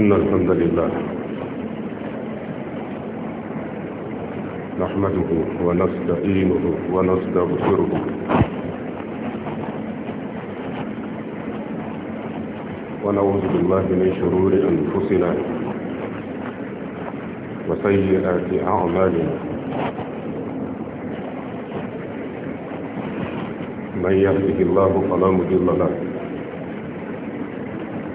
إن الحمد لله نحمده ونستعينه ونستغفره ونعوذ بالله من شرور أنفسنا وسيئات أعمالنا من يهده الله فلا مضل له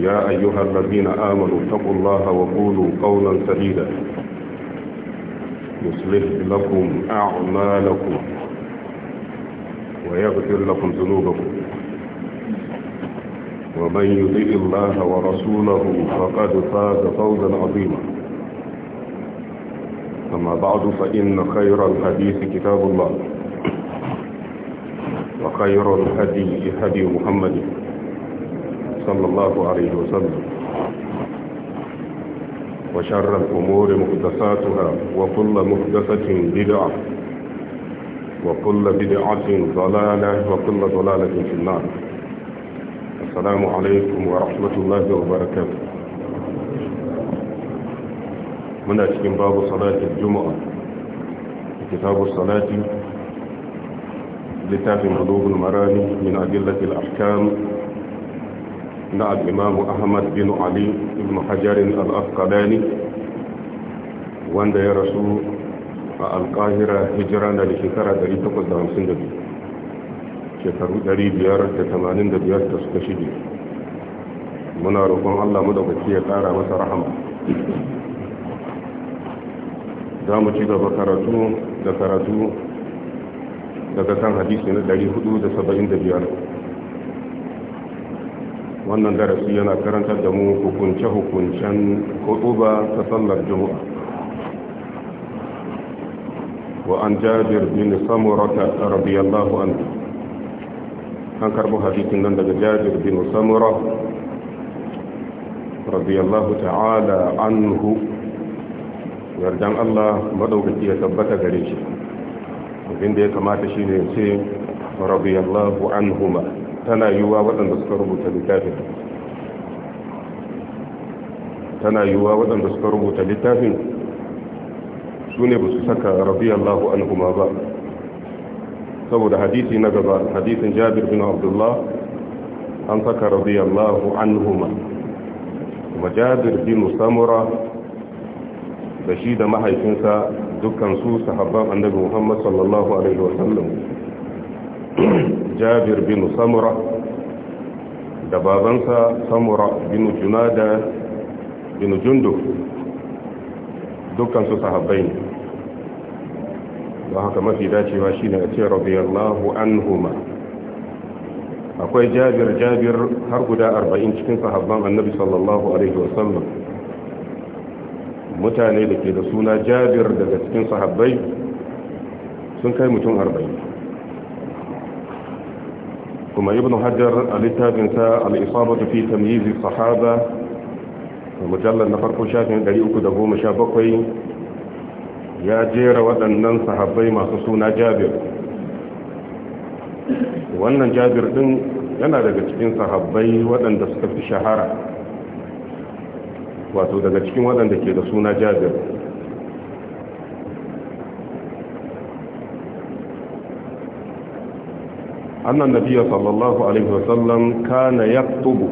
يا أيها الذين آمنوا اتقوا الله وقولوا قولا سديدا يصلح لكم أعمالكم ويغفر لكم ذنوبكم ومن يطيع الله ورسوله فقد فاز فوزا عظيما أما بعد فإن خير الحديث كتاب الله وخير الهدي هدي محمد صلى الله عليه وسلم وشر الأمور محدثاتها وكل محدثة بدعة وكل بدعة ضلالة وكل ضلالة في النار السلام عليكم ورحمة الله وبركاته من أشكين باب صلاة الجمعة كتاب الصلاة لتاف مغلوب المراني من أدلة الأحكام na al'imamu ahmad bin ali ibn hajjarin al'afkalani wanda ya rasu a alƙahira hijira na da shekara 852 shekaru 585 da suka shige muna roƙon allah mu da baki ya ƙara masa rahama za mu ci gaba karatu da karatu daga kan hadisi na 475 wannan darasi yana karantar da mu hukunce-hukuncen hutuba ta sallar juma'a wa an jabir bin samurata radiyallahu anhu an karbo hadisin nan daga jabir bin samura radiyallahu ta'ala anhu yardan Allah maɗaukaki ya tabbata gare shi abinda ya kamata shine ya ce anhu anhuma tana yiwuwa waɗanda suka rubuta littafin tana yiwuwa waɗanda suka rubuta littafin su ne ba su saka radiyallahu anhuma ba saboda hadisi na gaba hadisin jabir bin abdullah an saka radiyallahu anhuma kuma jabir bin samura da shi da mahaifinsa dukkan su sahabban annabi muhammad sallallahu alaihi wasallam jabir bin samura da babansa samura bin junada bin jundu dukkansu ne don haka mafi dacewa shine ne a ce radiyallahu anhuma akwai jabir jabir har guda arba'in cikin sahabban annabi mutane da ke da suna jabir daga cikin sahabbai sun kai mutum arba'in kuma ibn hajjar a littafinsa al'isabatu fi tamyizi sahaba mujallar na farko shafin 317 ya jera waɗannan sahabbai masu suna jabir wannan jabir ɗin yana daga cikin sahabbai waɗanda suka fi shahara wato daga cikin waɗanda ke da suna jabir annan nabiya sallallahu alaihi wasallam kana yaktubu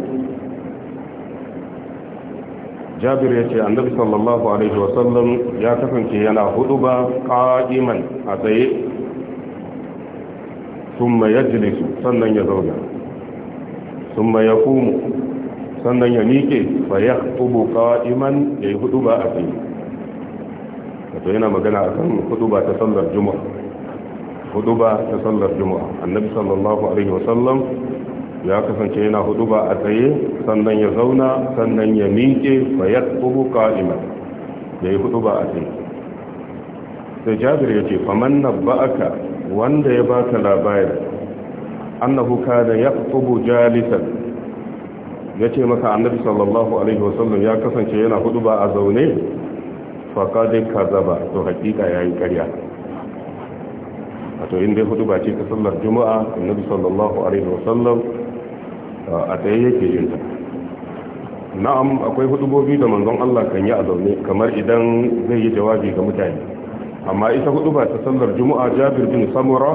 jabir ya ce annabi sallallahu alaihi wasallam ya kasance yana hudu ba ƙa'iman a tsaye sun ma yajilisu sannan ya zauna sun ma ya kumu sannan ya miƙe ba ya tubu ya yi hudu ba a tsaye wato yana magana a kan hudu ba ta sallar juma'a huduba ta sallar juma'a annabi sallallahu alaihi wasallam ya kasance yana huduba a tsaye sannan ya zauna sannan ya miƙe fa yaqbu qa'iman yayi huduba a tsaye sai jabir yace faman nabba'aka wanda ya baka labari annahu kana yaqbu jalisan ya ce maka annabi sallallahu alaihi wasallam ya kasance yana hudu ba a zaune faƙadin kazaba to hakika ya yi ƙarya wato inda hudu ba ce ta sallar juma'a annabi sallallahu alaihi wasallam a tsaye yake yin ta na'am akwai hudubobi da manzon Allah kan yi a zaune kamar idan zai yi jawabi ga mutane amma ita hudu ba ta sallar juma'a Jabir bin Samura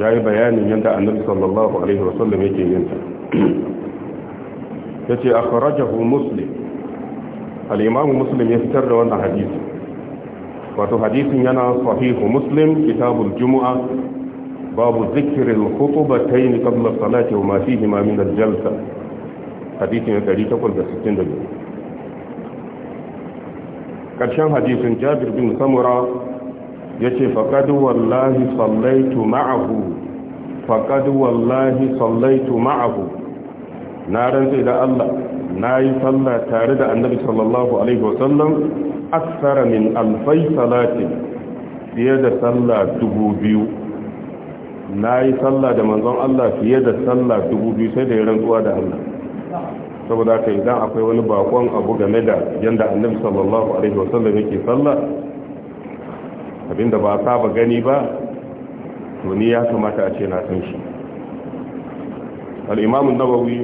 ya yi bayanin yadda annabi sallallahu alaihi wasallam yake yin ta yace akhrajahu muslim al-imam muslim ya fitar da wannan hadisi wato hadisin yana sahihu muslim kitabul jumu'a babu zikirin hukubatai ne kabla salati wa masu himamin da jalsa hadisin 862 ƙarshen hadisin jabir bin samura ya ce faƙadu wallahi sallaitu ma'ahu faƙadu wallahi sallaitu ma'ahu na rantsai da allah na yi sallah tare da annabi sallallahu alaihi wasallam aksara min alfai salatin fiye da sallah dubu biyu na yi sallah da manzon Allah fiye da sallah dubu biyu sai da ya rantsuwa da Allah saboda haka idan akwai wani bakon abu game da yadda annabi sallallahu alaihi wasallam yake sallah abinda ba saba gani ba to ni ya kamata a ce na san shi al-imam an-nawawi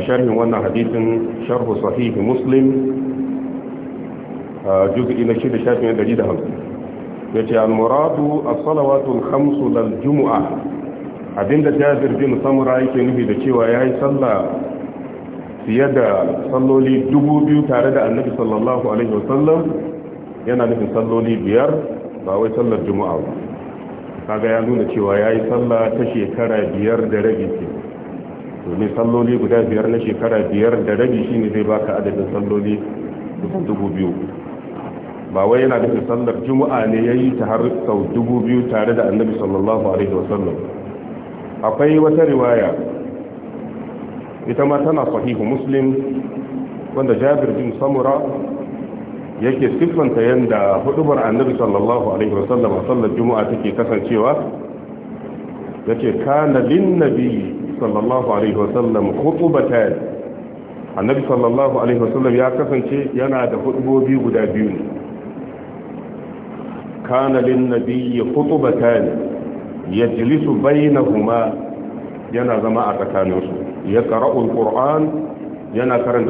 a sharhin wannan hadisin sharh sahih muslim juz'i na shida shafin ɗari da hamsin ya ce al-muradu as-salawatul khamsu lal jumu'a abinda jabir bin samura yake nufi da cewa yayi sallah fiye da salloli dubu biyu tare da annabi sallallahu alaihi wasallam yana nufin salloli biyar ba wai sallar juma'a ba kaga ya nuna cewa yayi sallah ta shekara biyar da rabi ce domin salloli guda biyar na shekara biyar da rabi shine zai baka adadin salloli kusan dubu biyu ba wai yana nufin sallar juma'a ne ya yi ta har sau dubu biyu tare da annabi sallallahu alaihi wasallam akwai wata riwaya ita ma tana sahihu muslim wanda jabir bin samura yake siffanta yadda hudubar annabi sallallahu alaihi wasallam a sallar juma'a take kasancewa ke kana lin nabi sallallahu alaihi wasallam khutubatan annabi sallallahu alaihi wasallam ya kasance yana da hudubobi guda biyu ne كان للنبي خطبتان يجلس بينهما ينا زما أتكانوس يقرأ القرآن ينا كرن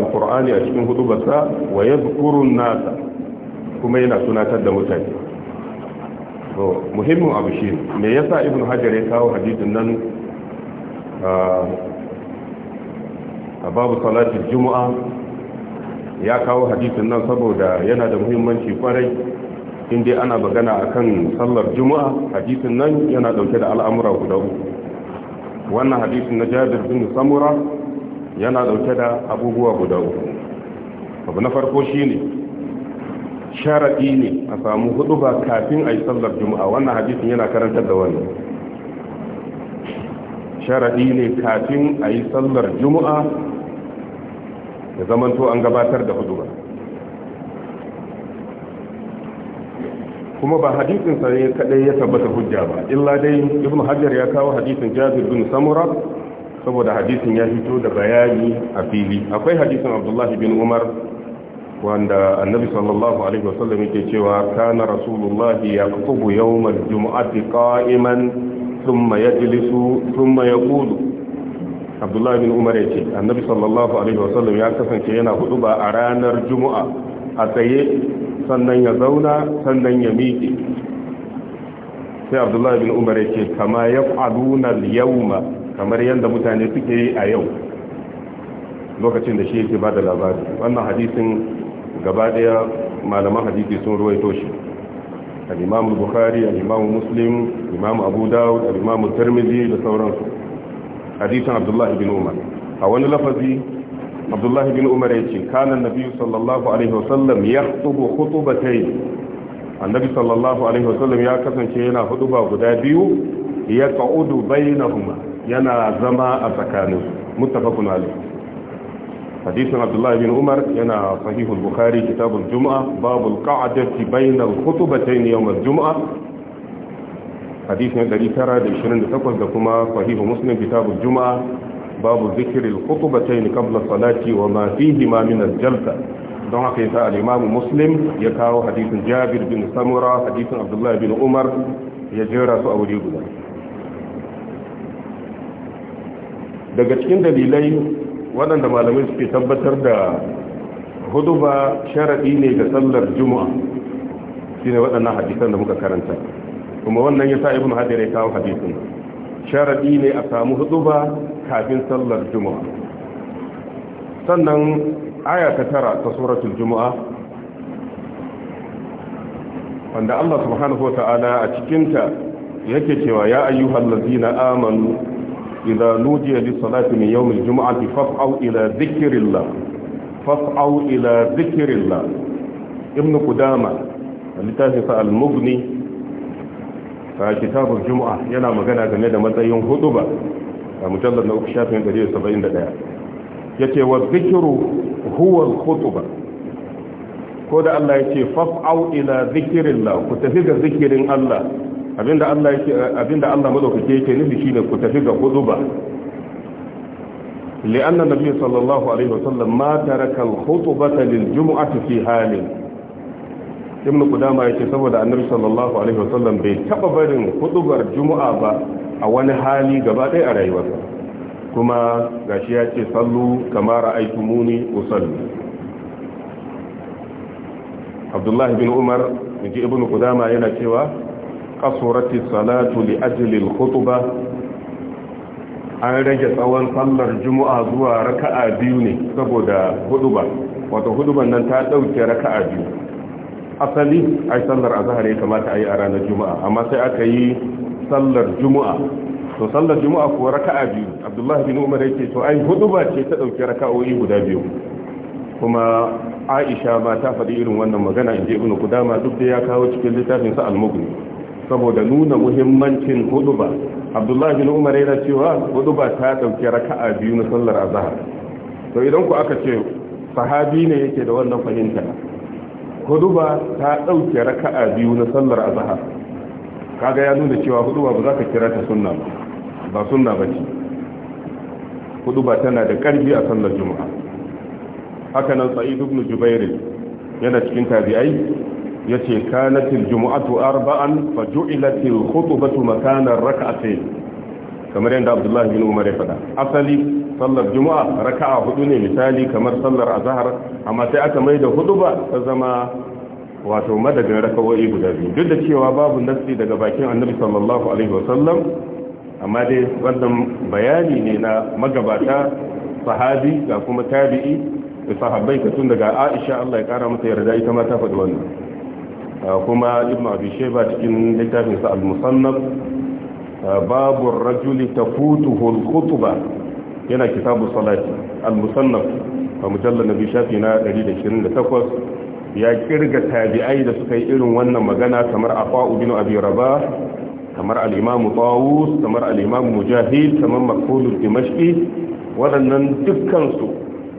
القرآن يشمن خطبتا ويذكر الناس كما ينا سنة الدمتان muhimmin abu shi me yasa ibn hajar ya kawo hadisin nan ah, a babu salatin juma'a ya kawo hadisin nan saboda yana da muhimmanci kwarai in dai ana magana akan sallar juma'a hadisin nan yana dauke da al'amura guda uku wannan hadisin na jabir bin samura yana dauke da abubuwa guda uku abu na farko shine sharaɗi ne a samu hudu ba kafin a yi sallar juma'a wannan hadisin yana karantar da wani sharaɗi ne kafin a yi sallar juma'a da zamanto an gabatar da hudu ba kuma ba hadisin sa ne kadai ya tabbata hujja ba illa dai ibnu hajar ya kawo hadisin jabir bin samura saboda hadisin ya fito da bayani a fili akwai hadisin abdullahi bin umar wanda annabi sallallahu alaihi wasallam yake cewa kana rasulullahi yaqtubu yawm al-jum'ati qa'iman thumma yajlisu thumma yaqulu abdullahi bin umar yace annabi sallallahu alaihi wasallam ya kasance yana huduba a ranar jumu'a a tsaye sannan ya zauna sannan ya miƙe sai abdullahi bin umar ya ce kama ya ƙadunar yauma kamar yadda mutane suke yi a yau lokacin da shi yake ba da labari wannan hadisin gabaɗaya malaman hadisi sun ruwaito shi al bukari bukhari al-imam muslim imam abu dawud al-imam da sauransu hadisin abdullahi bin umar a wani lafazi abdullahi bin umar ya ce kanan nabi sallallahu alaihi wasallam ya tubu hutubatai annabi sallallahu alaihi wasallam ya kasance yana hutuba guda biyu ya qa'udu bainahuma yana zama a tsakanin muttafaqun alaihi hadisin abdullahi bin umar yana sahihul bukhari kitabul jumu'a babul qa'dati bainal khutubatayn yawm al-jumu'a hadisin 928 da kuma sahihu muslim kitabul jumu'a babu zikirin khutbatayn qabla salati wa ma fihi ma min al don haka yasa al-imam muslim ya kawo hadisin jabir bin samura hadisin abdullah bin umar ya jera su a wuri guda daga cikin dalilai waɗanda malamai suke tabbatar da huduba sharaɗi ne ga sallar juma'a shine waɗannan hadisan da muka karanta kuma wannan yasa ibn hajar ya kawo hadisin sharaɗi ne a samu huduba kafin sallar juma'a sannan aya ta tara ta suratul juma'a wanda Allah subhanahu a cikinta yake cewa ya ayyuhal ladzina amanu idza nudiya lis-salati min yawmil jum'ati faf'au ila dhikrillah faf'au ila dhikrillah ibn qudama littafin al-mughni a kitabul jumu'a yana magana game da matsayin huduba a mujallar na uku shafin 171 ya ce wa zikiru huwa khutuba ko da Allah ya ce faf'au ila la ku tafi ga zikirin Allah abinda Allah yake abinda Allah madaukake yake nufi shine ku tafi ga khutuba لأن النبي صلى الله عليه وسلم ما ترك الخطبة للجمعة في حال ابن قدامى يتسبب أن النبي صلى الله عليه وسلم بيتقبل خطبة jumu'a ba. a wani hali gaba ɗaya a rayuwarsa kuma gashi ya ce sallu kamar aiki muni usallu abdullahi bin umar inji ibnu Kudama yana cewa kasurati salatu li ajli hutuba an rage tsawon sallar juma'a zuwa raka'a biyu ne saboda huduba wata huduban nan ta ɗauke raka'a biyu asali ai sallar azahar ya kamata ayi a ranar juma'a amma sai aka yi sallar juma'a to sallar juma'a kuwa raka'a biyu abdullahi bin umar yake to ai hudu ba ce ta dauki raka'o'i guda biyu kuma aisha ma ta faɗi irin wannan magana inji ibnu kudama duk da ya kawo cikin littafin sa al-mughni saboda nuna muhimmancin hudu ba abdullahi bin umar yana cewa hudu ba ta dauki raka'a biyu na sallar azhar to idan ku aka ce sahabi ne yake da wannan fahimta hudu ba ta dauki raka'a biyu na sallar azhar kaga ya nuna cewa hudu ba za ka kira ta sunna ba sunna ba ce hudu ba tana da karfi a sallar juma'a haka nan sa'id ibn jubair yana cikin tabi'ai yace kanatil juma'atu arba'an fa ju'ilatil khutbatu makana rak'atayn kamar yadda Abdullah bin Umar ya faɗa asali sallar juma'a raka'a hudu ne misali kamar sallar azhar amma sai aka mai da hudu ba ta zama wato madadin raka'o'i guda biyu duk da cewa babu nassi daga bakin annabi sallallahu alaihi wasallam amma dai wannan bayani ne na magabata sahabi ga kuma tabi'i da sahabbai ka tun daga Aisha Allah ya kara mata yarda ita ma ta faɗi wannan kuma Ibn Abi Shayba cikin littafin sa Al-Musannaf babu ar-rajuli tafutuhu al-khutba yana kitabu salati al-musannaf a mujallal nabi shafi na 128 ya kirga tabi'ai da suka yi irin wannan magana kamar afa'u bin abi raba kamar al-imam tawus kamar al-imam mujahid kamar maqulul dimashqi waɗannan dukkan su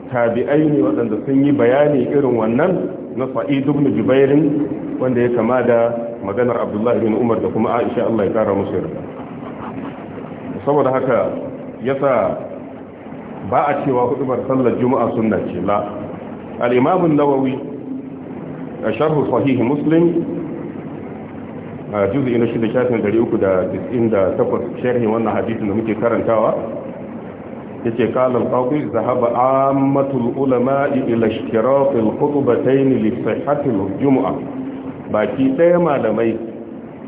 tabi'ai ne waɗanda sun yi bayani irin wannan na sa'id ibn jubair wanda ya kama da maganar abdullahi bin umar da kuma aisha Allah ya kara musu yarda saboda haka yasa ba a cewa hudubar sallar juma'a sunna ce la al-imam an-nawawi sharhu sahihi muslim juzi na shida shafin 398 sharhin wannan hadisin da muke karantawa yace ce kalin qadi zahaba ammatul ulama ila ishtirak al-khutbatayn li baki ɗaya malamai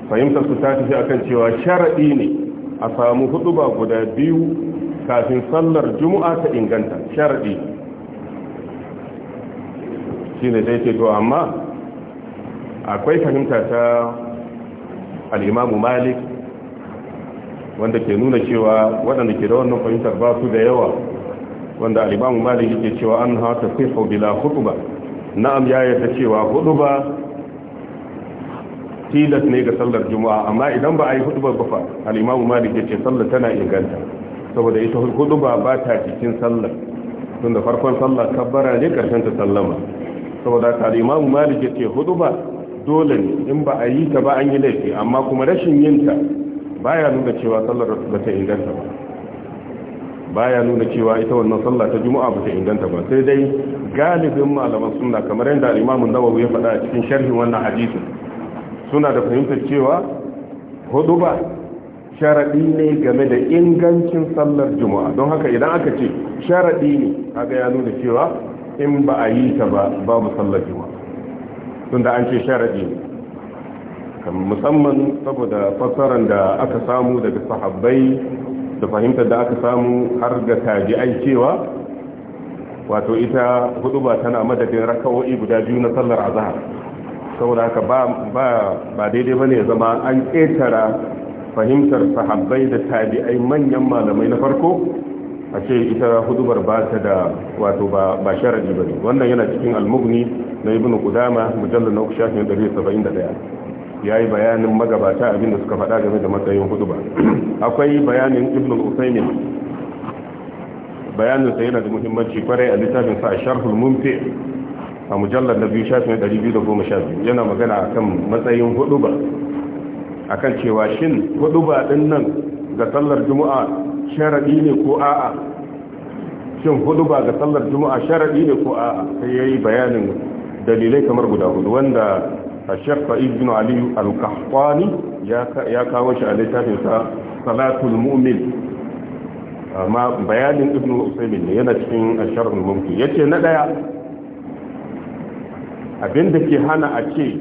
fahimtar su ta tafi akan cewa sharaɗi ne a samu hutuba guda biyu kafin sallar jumu'a ta inganta shi shine zai ce to amma akwai fahimta ta al'imamu malik wanda ke nuna cewa waɗanda ke da wannan fahimtar ba su da yawa wanda al'imamu malik yake cewa an hata sifo bila hutuba na'am ya yarda cewa hutuba tilas ne ga sallar juma'a amma idan ba a yi hutuba ba fa al'imamu malik yace sallar tana inganta saboda ita hutuba ba ta cikin sallar da farkon sallar kabbara ne karshen ta sallama saboda ka al'imamu malik yace hutuba dole ne in ba a yi ta ba an yi laifi amma kuma rashin yinta ta baya nuna cewa sallar ba ta inganta ba baya nuna cewa ita wannan sallah ta juma'a ba ta inganta ba sai dai galibin malaman suna kamar yadda al-imamu nawawi ya faɗa a cikin sharhin wannan hadisi suna da fahimtar cewa hudu ba sharaɗi ne game da ingancin sallar juma'a don haka idan aka ce sharaɗi ne kaga ya nuna cewa in ba a yi ta ba babu sallar juma'a tunda an ce sharaɗi musamman saboda fassarar da aka samu daga sahabbai da fahimtar da aka samu har ga tabi'ai cewa wato ita hudu ba tana madadin raka'o'i guda biyu na sallar azahar, saboda haka ba daidai ba ne bane zama an ƙetara fahimtar sahabbai da tabi'ai manyan malamai na farko a ce ita hudubar ba ta da wato ba sharadi ba ne wannan yana cikin almugni na ibn kudama mujallar na uku shafin 171 ya yi bayanin magabata abinda suka faɗa game da matsayin huduba akwai bayanin ibn usaimin sa yana da muhimmanci kwarai a littafin sa a sharhul mumfi a mujallar na biyu shafin 212 yana magana akan matsayin huduba akan cewa shin huduba din nan ga sallar juma'a sharadi ne ko a'a shin hudu ba ga sallar juma'a sharadi ne ko a'a sai yayi bayanin dalilai kamar guda hudu wanda الشيخ سعيد ya kawo shi a littafin sa salatul mu'min amma bayanin بيان ابن ne yana cikin asharul ya yace na daya abinda ke hana a ce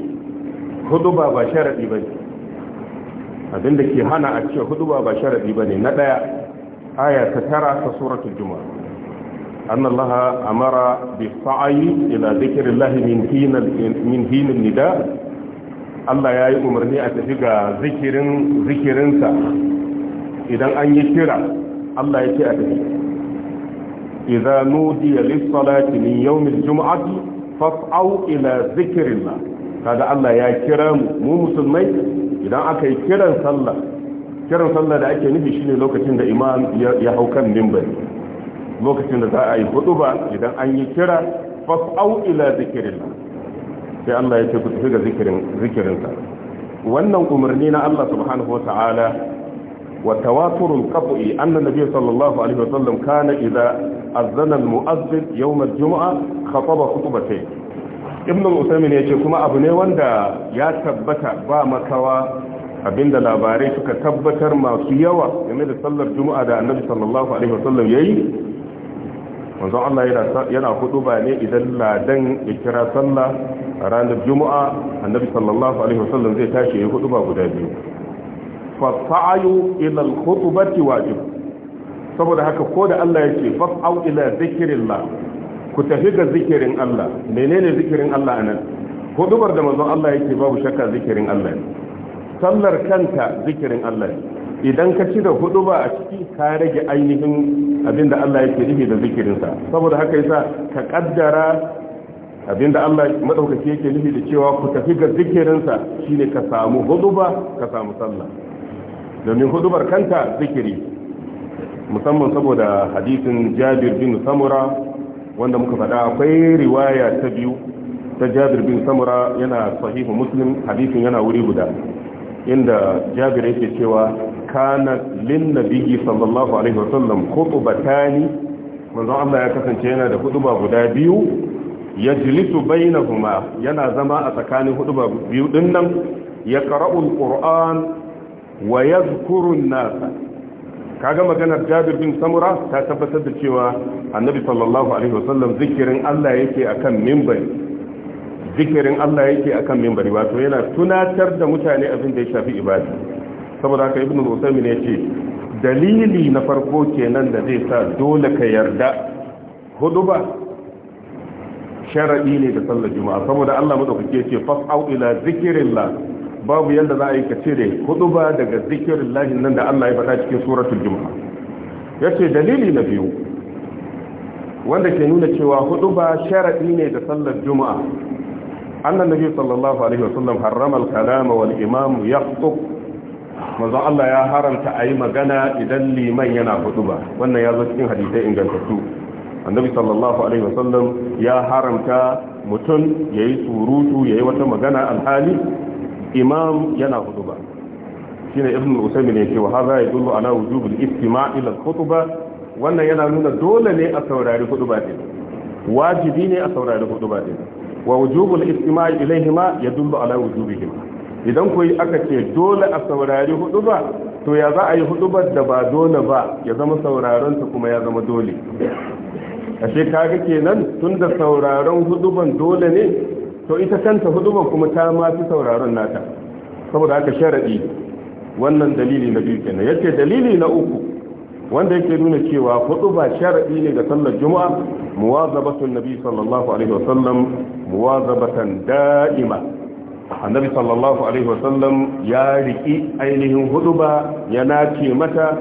hudu ba ba sharadi bane abin da ke hana a ce hudu ba sharadi ba ne na ɗaya aya ta tara ta suratul juma an Allah amara bi sa'ayi ila zikrillahi min min hinal nida Allah ya yi umarni a tafi ga zikirin zikirinsa idan an yi kira Allah ya ce a tafi idza nudiya lis-salati min yawm al fas'au ila zikrillah kaga Allah ya kira mu musulmai idan aka yi kiran sallah kiran sallah da ake nufi shine lokacin da imam ya hau kan mimbari lokacin da za a yi hutuba idan an yi kira fas'au ila zikirin sai Allah ya ce ku tafi ga zikirin zikirinsa wannan umarni na Allah subhanahu wata'ala wa tawaturul qat'i anna nabiy sallallahu alaihi wasallam kana idza azzana al-mu'azzin yawm al-jum'a khataba khutbatayn ibn al-usaymin yace kuma abu ne wanda ya tabbata ba makawa abinda labarai suka tabbatar masu yawa game da sallar juma'a da annabi sallallahu alaihi wasallam yayi manzo Allah yana hudu ba ne idan ladan ya kira sallah a ranar juma'a annabi sallallahu alaihi wasallam zai tashi ya hudu ba guda biyu fa sa'ayu ila al-khutbati wajib saboda haka ko da Allah yake fa'au ila zikrillah ku tafi ga zikirin Allah menene zikirin Allah anan hudubar da manzon Allah yake babu shakka zikirin Allah sallar kanta zikirin Allah idan ka ci da huduba a ciki ka rage ainihin abinda Allah yake nufi da zikirinsa saboda haka yasa ka kaddara abinda Allah madaukaki yake nufi da cewa ku tafi ga zikirinsa shine ka samu huduba ka samu sallah domin hudubar kanta zikiri musamman saboda hadisin Jabir bin Samura wanda muka faɗa akwai riwaya ta biyu ta jabir bin samura yana sahihu muslim hadisin yana wuri guda inda jabir yake cewa kana lin nabiyyi sallallahu alaihi wasallam khutbatani manzon Allah ya kasance yana da hutuba guda biyu yajlisu bainahuma yana zama a tsakanin hutuba biyu din nan ya qara'u alquran wa yadhkuru an-nasa kaga maganar jabir bin samura ta tabbatar da cewa annabi sallallahu alaihi wasallam zikirin Allah yake akan mimbari zikirin Allah yake akan mimbari wato yana tunatar da mutane abin da ya shafi ibada saboda haka ibnu usaymin ce dalili na farko kenan da zai sa dole ka yarda huduba sharadi ne da sallar juma'a saboda Allah madaukake ce fas'au ila zikrillah babu yadda za a yi ka cire hudu ba daga zikirin lahi nan da Allah ya faɗa cikin suratul juma'a ya ce dalili na biyu wanda ke nuna cewa hudu ba sharaɗi ne da sallar juma'a annan nabi sallallahu alaihi wasallam harrama al-kalama wal imam yaqtub manzo Allah ya haramta a yi magana idan liman yana hudu ba wannan ya zo cikin hadisai ingantattu annabi sallallahu alaihi wasallam ya haramta mutum ya yi surutu ya yi wata magana alhali imam yana hudu shi ne ibn usaymi ne cewa haza ya dullu ala wujubul istima' ila khutba wannan yana nuna dole ne a saurari khutba din wajibi ne a saurari khutba din wa wujubul istima' ilaihima yadullu ala wujubihim idan koyi aka ce dole a saurari khutba to ya za a yi hudubar da ba dole ba ya zama sauraron ta kuma ya zama dole ashe kaga kenan tunda sauraron huduban dole ne to ita kanta hudubar kuma ta mafi sauraron nata saboda aka sharaɗi wannan dalili na biyu kenan yace dalili na uku wanda yake nuna cewa huduba sharaɗi ne ga sallar juma'a muwazabatun nabi sallallahu alaihi wasallam muwazabatan da'ima annabi sallallahu alaihi wasallam ya riki ainihin huduba ya nace mata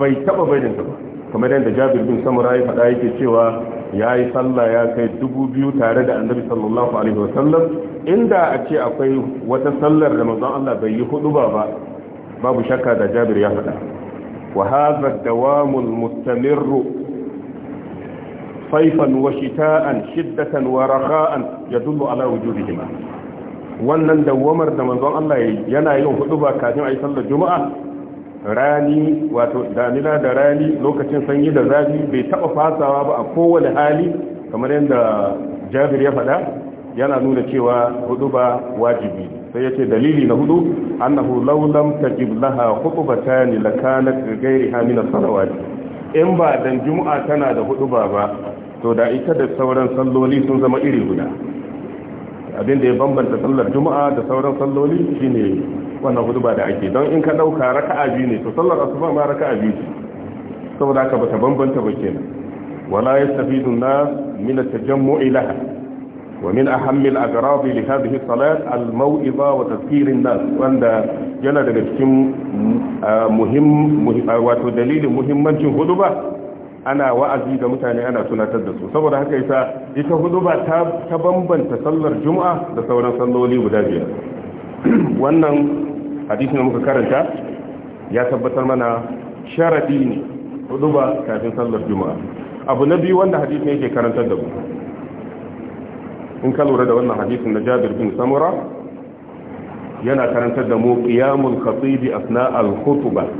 bai taba bayyana ba kamar yadda jabir bin samura ya faɗa yake cewa ya yi sallah ya kai dubu biyu tare da annabi sallallahu alaihi sallam, inda a ce akwai wata sallar da manzon Allah bai yi hudu ba babu shakka da jabir ya faɗa wa hadha dawamul mustamir faifan wa shita'an shiddatan wa rakha'an yadullu ala wujudihima wannan dawamar da manzon Allah yana yin hudu ba kafin ayi sallar juma'a rani wato damina da rani lokacin sanyi da zafi bai taba fasawa ba a kowane hali kamar yadda jabir ya faɗa yana nuna cewa hudu ba wajibi sai yace dalili na hudu annahu law lam tajib laha khutbatan lakanat ghayriha min as-salawat in ba dan juma'a tana da hudu ba ba to da ita da sauran salloli sun zama iri guda abin da ya bambanta sallar juma'a da sauran salloli shine wannan huduba da ake don in ka dauka raka'a biyu ne to sallar asuba ma raka'a biyu ce saboda haka bata bambanta ba kenan wala yastafidu tafi dunna min at-tajammu'i wa min ahammi al-aghrad li hadhihi salat al-maw'iza wa tadhkir an-nas wanda yana daga cikin ah, muhim ah, wato dalilin muhimmancin huduba ana wa'azi da mutane ana tunatar da su saboda haka yasa ita hudu ba ta bambanta sallar juma'a da sauran salloli guda biyar wannan hadisin da muka karanta ya tabbatar mana sharadi ne hudu ba kafin sallar juma'a abu na biyu wanda hadisin yake karantar da mu in ka lura da wannan hadisin na Jabir bin Samura yana karantar da mu qiyamul khatibi asna al-khutbah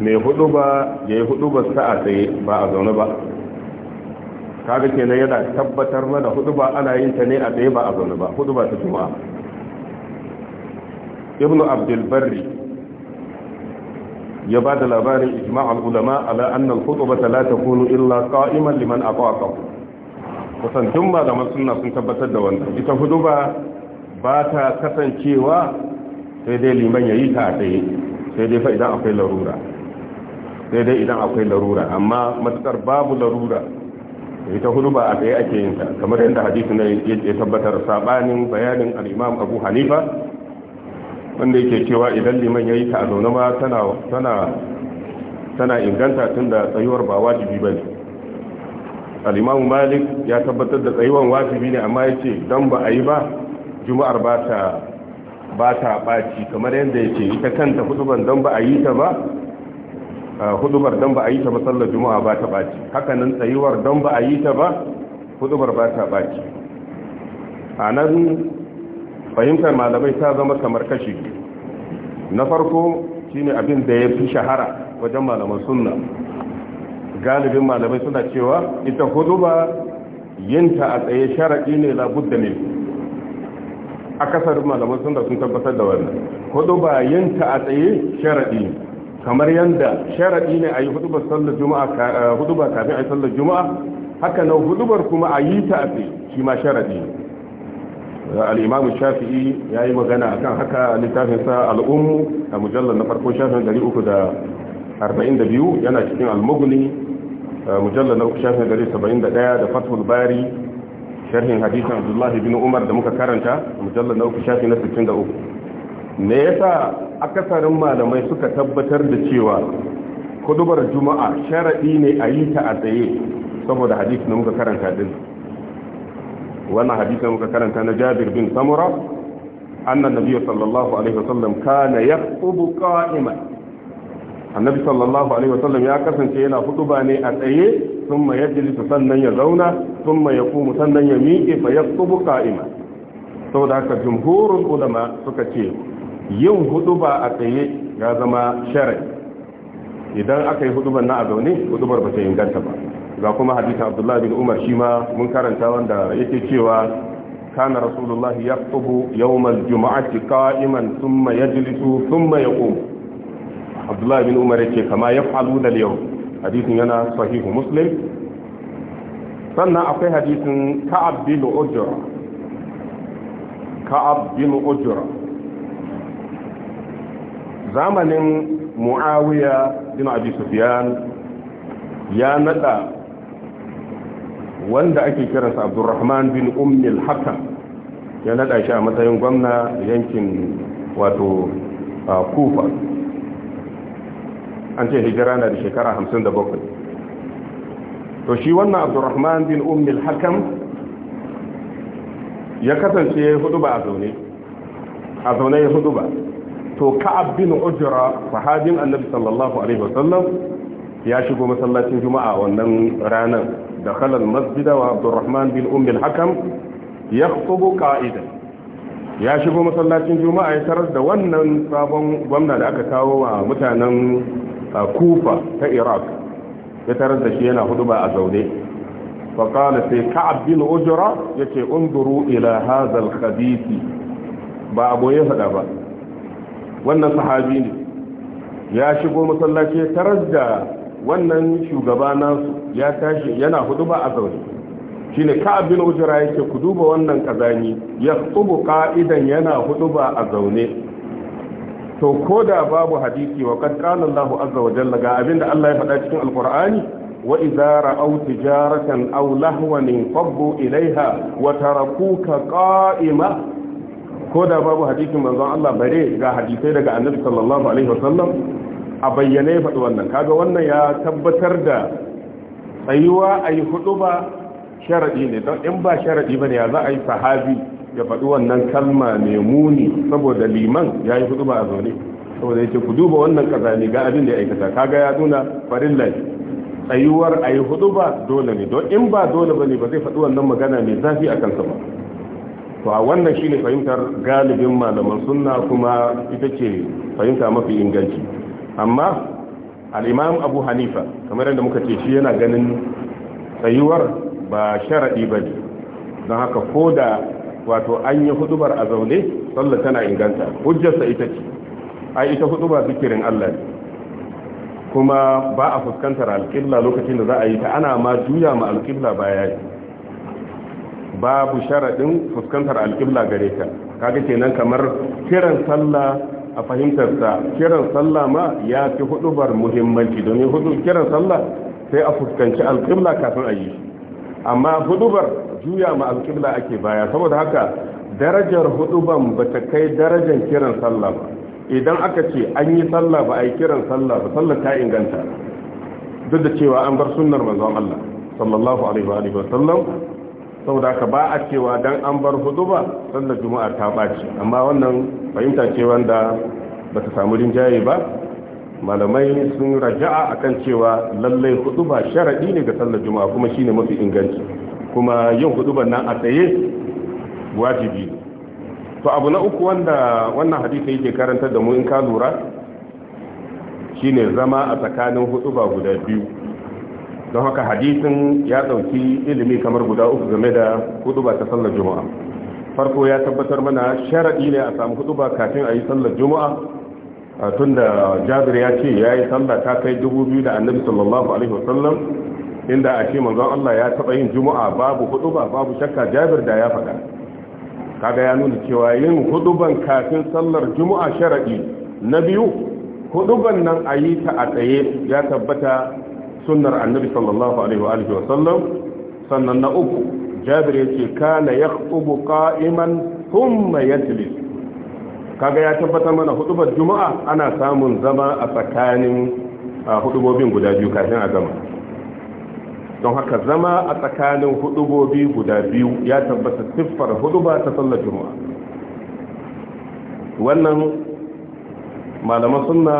mai hudu ba ya yi hudu ba sa'a tsaye ba a zaune ba kaga kenan yana tabbatar mana hudu ba ana yin ta ne a tsaye ba a zaune ba hudu ba ta juma'a ibn abdulbari ya ba da labarin ijma'ul ulama ala annal ta la kunu illa qa'iman liman aqaqa kusan tun da suna sun tabbatar da wannan ita hudu ba ba ta kasancewa sai dai liman ya yi ta a tsaye sai dai fa idan akwai larura sai dai idan akwai larura amma matukar babu larura ita hudu ba a tsaye ake yin ta kamar yadda hadisi ne ya tabbatar sabanin bayanin al abu hanifa wanda yake cewa idan liman ya yi ta a zaune ma tana inganta tun da tsayuwar ba wajibi ba ne al'imamu malik ya tabbatar da tsayuwar wajibi ne amma ya ce don ba a yi ba juma'ar ba ta ɓaci kamar yadda ya ce ita kanta ban don ba a yi ta ba hudubar don ba a yi ta ba sallar juma'a ba ta baci hakanan tsayuwar don ba a yi ta ba hudubar ba ta baci a nan fahimtar malamai ta zama kamar kashi na farko shi ne abin da ya fi shahara wajen malaman suna galibin malamai suna cewa ita huduba yinta a tsaye sharaɗi ne labudda ne kasar malaman suna sun tabbatar da wannan huduba yinta a tsaye sharaɗi ne kamar yadda sharaɗi ne a yi hudubar sallar juma'a eh, hudubar kafin a yi sallar juma'a haka nan hudubar kuma a yi ta a shi ma sharaɗi eh, al'imamu shafi'i ya yi magana akan haka a littafinsa al'ummu a mujallar na farko shafin 342 yana cikin almuguni eh, mujallar na shafin 171 da fatul bari sharhin hadisan abdullahi bin umar da muka karanta mujallar na uku shafi na 63 me yasa akasarin malamai suka tabbatar da cewa kudubar juma'a sharadi ne a yi ta a tsaye saboda hadisi da muka karanta din wannan hadisi da muka karanta na Jabir bin Samura annan nabiyyu sallallahu alaihi wasallam kana yaqubu qa'iman annabi sallallahu alaihi wasallam ya kasance yana huduba ne a tsaye thumma yajlisu sannan ya zauna thumma yaqumu sannan ya miƙe fa ya yaqubu qa'iman saboda haka jumhurin ulama suka ce yin ba a tsaye ya zama sharai idan aka yi hudubar na a zaune hudubar ba ta inganta ba ga kuma hadisin abdullahi bin umar shi ma mun karanta wanda yake cewa kana rasulullahi ya tsubu yawmal juma'ati jilisu sun ma ya ko abdullahi bin umar yake kama ya falu da yau hadisin yana sahihu muslim sannan akwai hadisin ka'ab bin ujura bin zamanin mu'awiya bin abi sufyan ya nada wanda ake kiransa abdurrahman bin ummil hakam ya nada shi a matsayin gwamna yankin wato kufa an ce hijira na da shekara 57 to shi wannan abdurrahman bin ummil hakam ya kasance hudu ba a zaune a zaune ya hudu ba to ka'ab bin ujra sahabin annabi sallallahu alaihi wasallam ya shigo masallacin juma'a wannan ranar da khalal masjida wa abdurrahman bin umm al-hakam yakhutubu qa'idan ya shigo masallacin juma'a ya tarar da wannan sabon gwamna da aka kawo wa mutanen kufa ta iraq ya tarar da shi yana huduba a zaune faƙala sai ka'ab bin ujra yace unduru ila hadha al-khabith ba aboye ba wannan sahabi ne ya shigo masallaci tarar da wannan shugaba nasu ya tashi yana hudu ba a zaune shi ne ka'abin ujira yake ku duba wannan kazani ya tsubu ka'idan yana hudu ba a zaune to ko da babu hadisi wa kad qala Allah azza wa jalla ga abinda Allah ya faɗa cikin Alkur'ani? wa idza ra'aw tijaratan aw lahwan fabbu ilaiha wa tarakuka qa'ima ko da babu hadisin manzon Allah bare ga hadisai daga annabi sallallahu alaihi wasallam a bayyane ya faɗi wannan kaga wannan ya tabbatar da tsayuwa a yi hudu ba sharaɗi ne don in ba sharaɗi ba ne ya za a yi sahabi ya faɗi wannan kalma ne muni saboda liman ya yi hudu ba a zaune saboda ya ce ku duba wannan kaza ne ga abin da ya aikata kaga ya nuna farin lafi tsayuwar a yi hudu ba dole ne don in ba dole ba ne ba zai faɗi wannan magana mai zafi a kansa ba to a wannan shine fahimtar galibin malaman sunna kuma ita ce fahimta mafi inganci amma al'imam abu hanifa kamar yadda muka ce shi yana ganin tsayuwar ba sharaɗi ba ne don haka ko da wato an yi hudubar a zaune sallah tana inganta hujjarsa ita ce ai ita hudubar zikirin allah ne kuma ba a fuskantar alƙibla lokacin da za a yi ta ana ma juya ma alƙibla baya ne babu sharaɗin fuskantar alƙibla gare ka kaga kenan kamar kiran sallah a fahimtarsa kiran sallah ma ya fi hudubar muhimmanci domin hudu kiran sallah sai a fuskanci alƙibla kafin a yi amma hudubar juya ma alƙibla ake baya saboda haka darajar huduban ba ta kai darajar kiran sallah ba idan aka ce an yi sallah ba a yi kiran sallah ba sallah ta inganta duk da cewa an bar sunnar manzon Allah sallallahu alaihi wa sallam saboda ka ba a cewa dan an bar hudu ba sallar juma'a ta ɓaci amma wannan fahimta ce wanda ba ta samu rinjaye ba malamai sun raja'a akan cewa lallai hudu ba sharaɗi ne ga sallar juma'a kuma shine mafi inganci kuma yin hudu ban nan a tsaye wajibi to abu na uku wanda wannan hadisi yake karantar da mu in ka lura shine zama a tsakanin hudu ba guda biyu don haka hadisin ya dauki ilimi kamar guda uku game da huduba ta sallar juma'a farko ya tabbatar mana sharaɗi ne a samu huduba kafin a yi sallar juma'a tun da jabir ya ce ya yi sallar ta kai dubu biyu da annabi sallallahu alaihi wasallam inda a ce manzon Allah ya taɓa yin juma'a babu huduba babu shakka jabir da ya faɗa kaga ya nuna cewa yin huduban kafin sallar juma'a sharaɗi na biyu huduban nan a yi ta a tsaye ya tabbata sunnar annabi sallallahu alaihi wa sallam sannan na uku jabir yace kana yaqubu qa'iman thumma yajlis kaga ya tabbatar mana hudubar juma'a ana samun zama a tsakanin hudubobin guda biyu kafin a gama don haka zama a tsakanin hudubobi guda biyu ya tabbata siffar huduba ta sallar juma'a wannan malaman sunna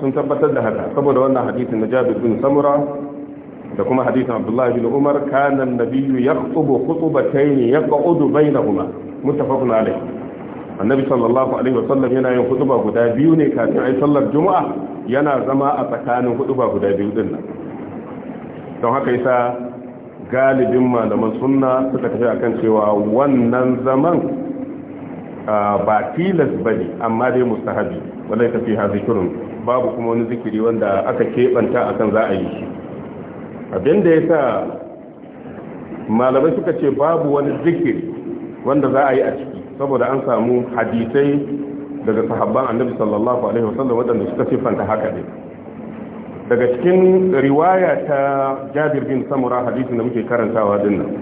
sun tabbatar da haka saboda wannan hadisin na jabir bin samura da kuma hadisin abdullahi bin umar kana nabiyyu yaqtubu khutubatayn yaq'udu bainahuma muttafaqun alayh annabi sallallahu alaihi sallam yana yin hutuba guda biyu ne kafin ai sallar juma'a yana zama a tsakanin hutuba guda biyu din nan don haka yasa galibin malaman sunna suka tafi akan cewa wannan zaman ah, ba tilas bane amma dai mustahabi wallahi tafi ha kurun. babu kuma wani zikiri wanda aka keɓanta akan za a yi shi abinda ya sa malamai suka ce babu wani zikiri wanda za a yi a ciki saboda an samu hadisai daga sahabban annabi sallallahu alaihi wasallam waɗanda suka siffanta haka ne daga cikin riwaya ta jabir bin samura hadisi da muke karantawa dinnan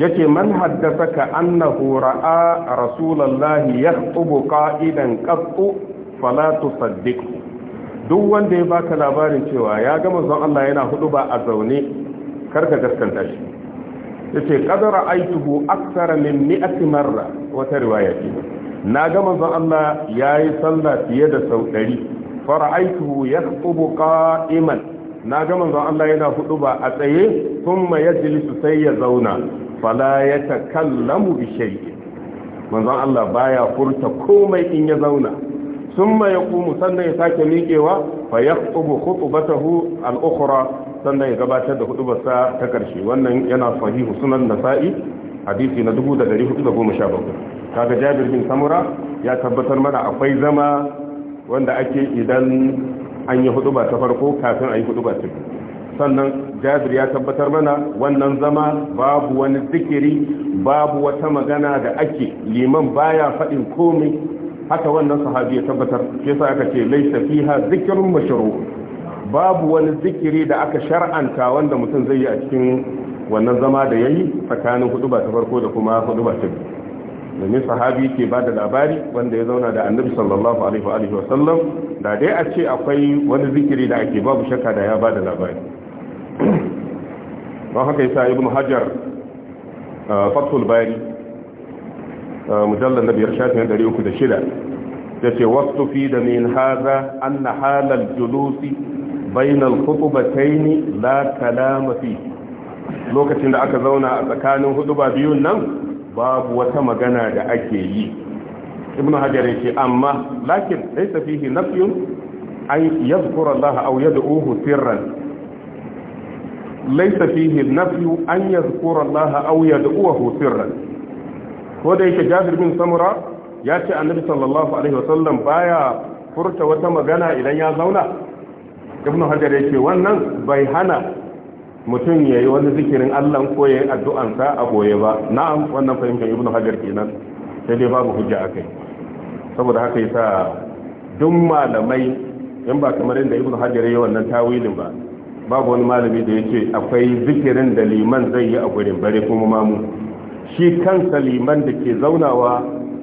yake man haddasaka annahu ra'a rasulullahi yakhubu qa'idan qattu fala tusaddiqhu duk wanda ya baka labarin cewa ya ga manzon Allah yana hudu ba a zaune karka gaskanta shi ce ƙadar aituhu aksara min mi'ati marra wata riwaya ce na ga manzon Allah yayi sallah fiye da sau 100 fara'aituhu yakhubu qa'iman na ga manzon Allah yana hudu ba a tsaye ya yajlisu sai ya zauna fala ta bi shay'in manzon Allah baya furta komai in ya zauna summa yaqumu sannan ya sake miƙewa fa yaqubu khutbatahu al-ukhra sannan ya gabatar da hudubarsa ta karshe wannan yana sahihu sunan nasa'i hadisi na 1417 kaga jabir samura ya tabbatar mana akwai zama wanda ake idan an yi huduba ta farko kafin a yi huduba sannan jabir ya tabbatar mana wannan zama babu wani zikiri babu wata magana da ake liman baya faɗin komai haka wannan sahabi ya tabbatar shi yasa aka ce laysa fiha zikrun mashru babu wani zikiri da aka shar'anta wanda mutum zai yi a cikin wannan zama da yayi tsakanin huduba ta farko da kuma ba ta domin sahabi ke ba da labari wanda ya zauna da annabi sallallahu alaihi wa alihi wasallam da dai a ce akwai wani zikiri da ake babu shakka da ya ba da labari don haka yasa ibnu hajar uh, fathul bari mujallar na biyar shafin ɗari uku da shida da ce wasu fi da min haza an na halar julusi bainal khutubataini la kalama fi lokacin da aka zauna a tsakanin hudu ba biyun nan babu wata magana da ake yi ibnu hajar ce amma lakin laysa fihi nafyun an ya yadhkura Allah aw yad'uhu sirran laysa fihi nafyu an ya yadhkura Allah aw yad'uhu sirran ko da yake jabir bin samura ya ce annabi sallallahu alaihi wasallam baya furta wata magana idan ya zauna ibn hajar yake wannan bai hana mutum ya yi wani zikirin Allah ko yayi addu'an sa a goye ba na'am wannan fahimtar ibn hajar kenan sai dai babu hujja akai saboda haka yasa duk malamai in ba kamar inda ibn hajar yayi wannan tawilin ba babu wani malami da yake akwai zikirin da liman zai yi a gurin bare kuma mamu shi kansa liman da ke zaunawa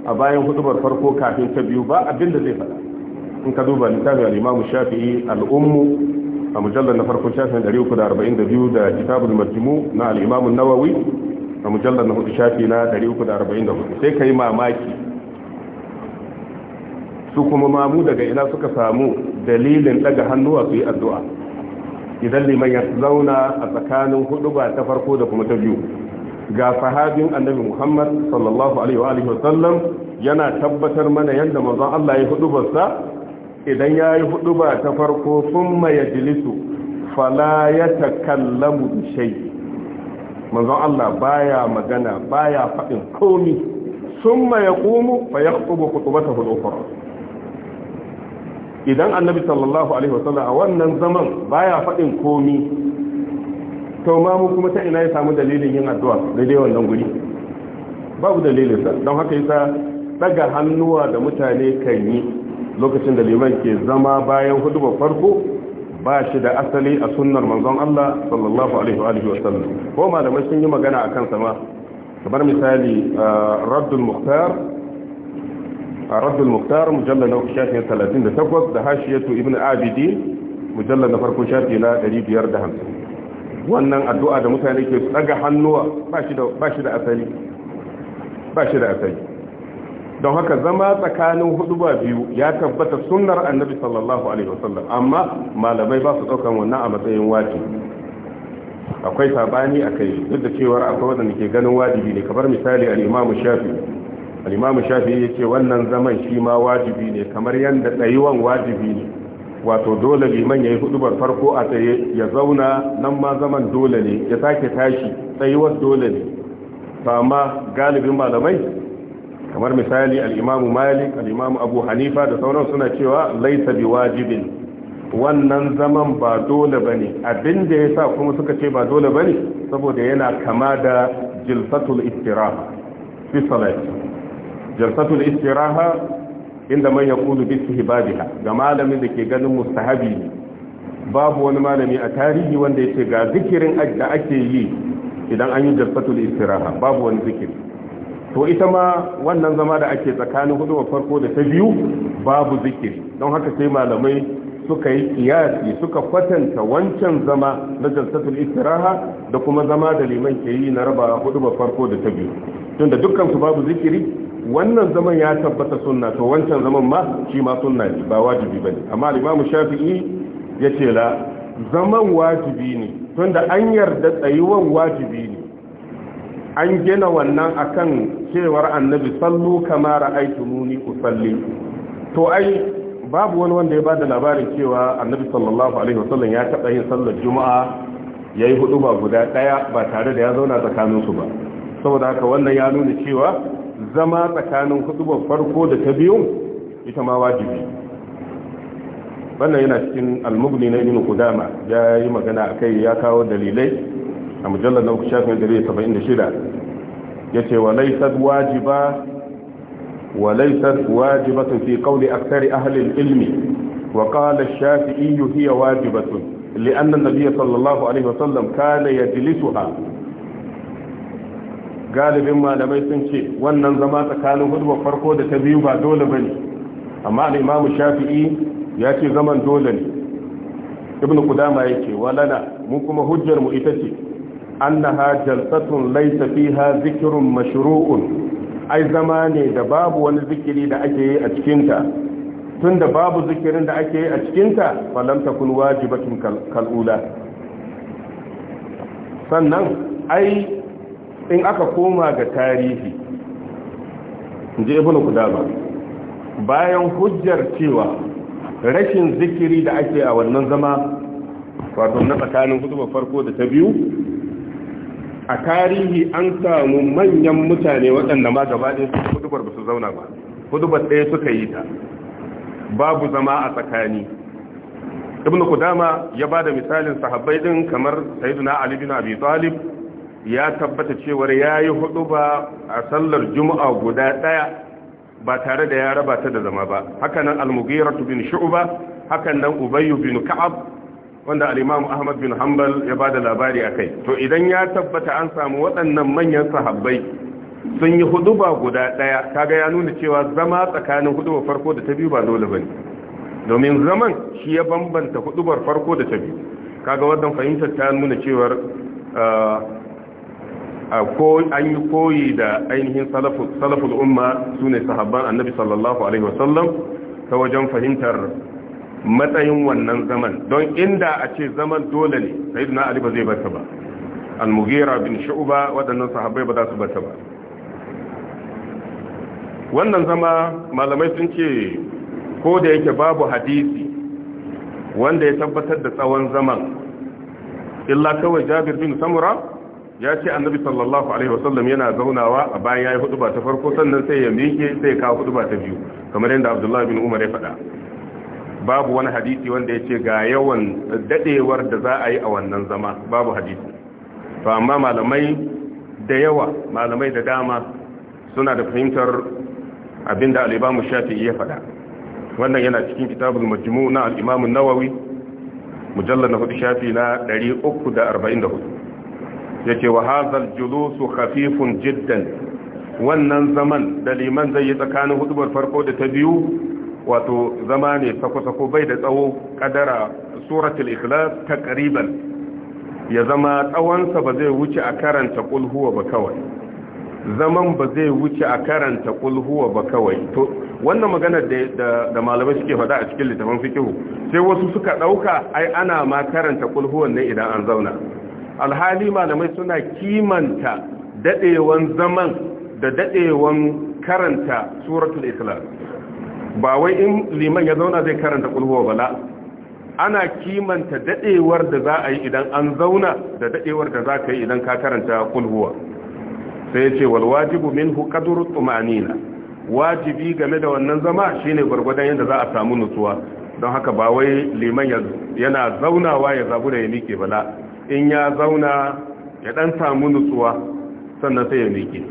a bayan hudubar farko kafin ta biyu ba abin da zai faɗa in ka duba littafin al'imamu shafi'i al'ummu a mujallar na farko shafin 342 da kitabul majmu na al'imamu nawawi a mujallar na hudu shafi na 344 sai ka yi mamaki su kuma mamu daga ina suka samu dalilin daga hannuwa su yi addu'a idan liman ya zauna a tsakanin hudu ba ta farko da kuma ta biyu ga sahabin annabi Muhammad sallallahu alaihi wa sallam yana tabbatar mana yadda manzon Allah ya hudubarsa idan ya yi yayi ba ta farko sun summa jilisu fala ya ta kallamu shay manzon Allah baya magana baya faɗin komi sun summa yaqumu fa yakhutubu khutbatahu al-ukhra idan annabi sallallahu alaihi wa sallam a wannan zaman baya faɗin komi to ma mu kuma ta ina ya samu dalilin yin addu'a daidai wannan guri babu dalilin sa don haka yasa daga hannuwa da mutane kan yi lokacin da liman ke zama bayan ba farko ba shi da asali a sunnar manzon Allah sallallahu alaihi wa alihi wa sallam ko malamai sun yi magana akan sa ma kamar misali raddul muhtar raddul muhtar mujallal na shafi 38 da hashiyatu ibnu abidi mujallal na farko shafi na 550 wannan addu'a da mutane ke tsaga daga hannuwa ba shi da asali don haka zama tsakanin hudu ba biyu ya tabbata sunnar annabi sallallahu alaihi wasallam amma malamai ba su daukan wannan a matsayin wajibi akwai sabani kai duk da cewa akwai wadanda ke ganin wajibi ne kamar misali al'imamu shafi al'imamu shafi shafi ce wannan zaman shi ma wajibi ne kamar yadda tsayuwan wajibi ne wato dole liman ya yi hudubar farko a tsaye ya zauna nan ma zaman dole ne ya sake tashi tsayuwar dole ne ma galibin malamai kamar misali al'imamu malik al'imamu abu hanifa da sauran suna cewa laisa bi wajibin wannan zaman ba dole ba ne da ya sa kuma suka ce ba dole ba ne saboda yana kama da jilsatul istiraha fi jilsatul istiraha inda man ya kulu bi istihbabiha ga malamin da ke ganin mustahabi ne babu wani malami a tarihi wanda ya ce ga zikirin da ake yi idan an yi jalsatul istiraha babu wani zikiri to ita ma wannan zama da ake tsakanin hudu farko da ta biyu babu zikiri don haka sai malamai suka yi kiyasi suka kwatanta wancan zama na jalsatul istiraha da kuma zama da liman ke yi na raba hudu farko da ta biyu tunda dukkan su babu zikiri wannan zaman ya tabbata sunna to wancan zaman ma shi ma sunna ne ba wajibi ba ne amma limamu shafi'i ya ce la zaman wajibi ne tunda an yarda tsayuwan wajibi ne an gina wannan akan cewar annabi sallu kama ra'aytumuni usalli to ai babu wani wanda ya bada labarin cewa annabi sallallahu alaihi wasallam ya taɓa yin sallar juma'a yayi hudu ba guda ɗaya ba tare da ya zauna tsakaninsu ba saboda haka wannan ya nuna cewa zama tsakanin hudubar farko da ta biyu ita ma wajibi wannan yana cikin almugni na ibn kudama ya yi magana a kai ya kawo dalilai a mujallar na shafin dare saba'in da shida ya ce walaisar wajiba walaisar wajibatun fi kauli aksari ahalin ilmi wa kala shafi'i hiya wajibatun li'annan nabiya sallallahu alaihi wasallam kana ha. galibin malamai sun ce wannan zama tsakanin hudubar farko da ta biyu ba dole ba ne amma al'imamu shafi'i ya ce zaman dole ne ibn kudama ya ce walana mu kuma hujjar mu ita ce annaha jalsatun laisa ha zikirun mashru'un ai zama ne da babu wani zikiri da ake yi a cikinta tun da babu zikirin da ake yi a cikinta falam takun wajibatun kal'ula sannan ai in aka koma ga tarihi je ibn kudama bayan hujjar cewa rashin zikiri da ake a wannan zama wato na tsakanin hutuba farko da ta biyu a tarihi an samu manyan mutane waɗanda ma gaba ɗin su hutubar ba su zauna ba hutubar ɗaya suka yi ta babu zama a tsakani ibn kudama ya ba da misalin sahabbai ɗin kamar sayyiduna ali bin abi talib ya tabbata cewar ya yi hudu ba a sallar juma'a guda daya ba tare da ya raba ta da zama ba hakanan al-mughira bin shu'ba hakanan nan bin ka'ab wanda al-imam ahmad bin hanbal ya bada labari akai to idan ya tabbata an samu waɗannan manyan sahabbai sun yi hudu ba guda daya kaga ya nuna cewa zama tsakanin hudu farko da ta biyu ba dole bane domin zaman shi ya bambanta hudubar farko da ta biyu kaga wannan fahimtar ta nuna cewar ah, an yi koyi da ainihin salaful umma su ne sahabban annabi sallallahu alaihi wasallam ta wajen fahimtar matsayin wannan zaman don inda a ce zaman dole ne sai na ali ba zai bata ba al-mughira bin shu'ba waɗannan sahabbai ba za su bata ba wannan zama malamai sun ce ko da yake babu hadisi wanda ya tabbatar da tsawon zaman illa kawai jabir bin samura ya ce annabi sallallahu alaihi wasallam yana zaunawa a bayan yayi hudu ba ta farko sannan sai ya miƙe sai ka hudu ba ta biyu kamar yadda Abdullah bin Umar ya faɗa babu wani hadisi wanda ya ce ga yawan dadewar da za a yi a wannan zama babu hadisi to amma malamai da yawa malamai da dama suna da fahimtar abinda al-Imam Shafi'i ya faɗa wannan yana cikin kitabul majmu' na al-Imam an-Nawawi mujallad na hudu shafi na 344 yace wa hazal julusu khafifun jiddan wannan zaman da liman zai yi tsakanin hudubar farko da ta biyu wato zama ne sako bai da tsawo kadara suratul ikhlas takriban ya zama tsawonsa ba zai wuce a karanta kulhuwa ba kawai zaman ba zai wuce a karanta kulhuwa ba kawai to wannan magana da malamai suke faɗa a cikin littafin fikihu sai wasu suka ɗauka ai ana ma karanta kulhuwan ne idan an zauna alhali malamai suna kimanta dadewan zaman da dadewan karanta suratul ikhlas ba wai in liman ya zauna zai karanta kulhuwa bala ana kimanta dadewar da za a yi idan an zauna da dadewar da za ka yi idan ka karanta kulhuwa sai ya ce wal wajibu minhu qadru tumanina wajibi game da wannan zama shine gurgurdan yanda za a samu nutsuwa don haka ba wai liman yana zaunawa ya zabu da ya mike bala in ya zauna ya dan samu nutsuwa sannan sai ya miƙe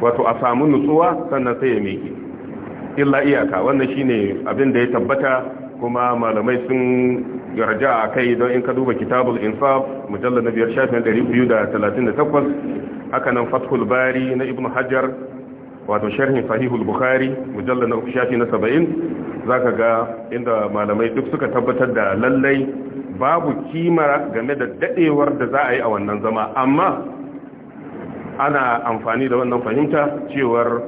wato a samu nutsuwa sannan sai ya miƙe illa iyaka wannan shine abin da ya tabbata kuma malamai sun yarja a kai don in ka duba kitabul insaf mujallar na biyar shafin 238 haka nan fathul bari na ibn hajar wato sharhin sahihul bukhari mujallar na shafi na 70 zaka ga inda malamai duk suka tabbatar da lallai babu kima game da dadewar da za a yi a wannan zama amma ana amfani da wannan fahimta cewar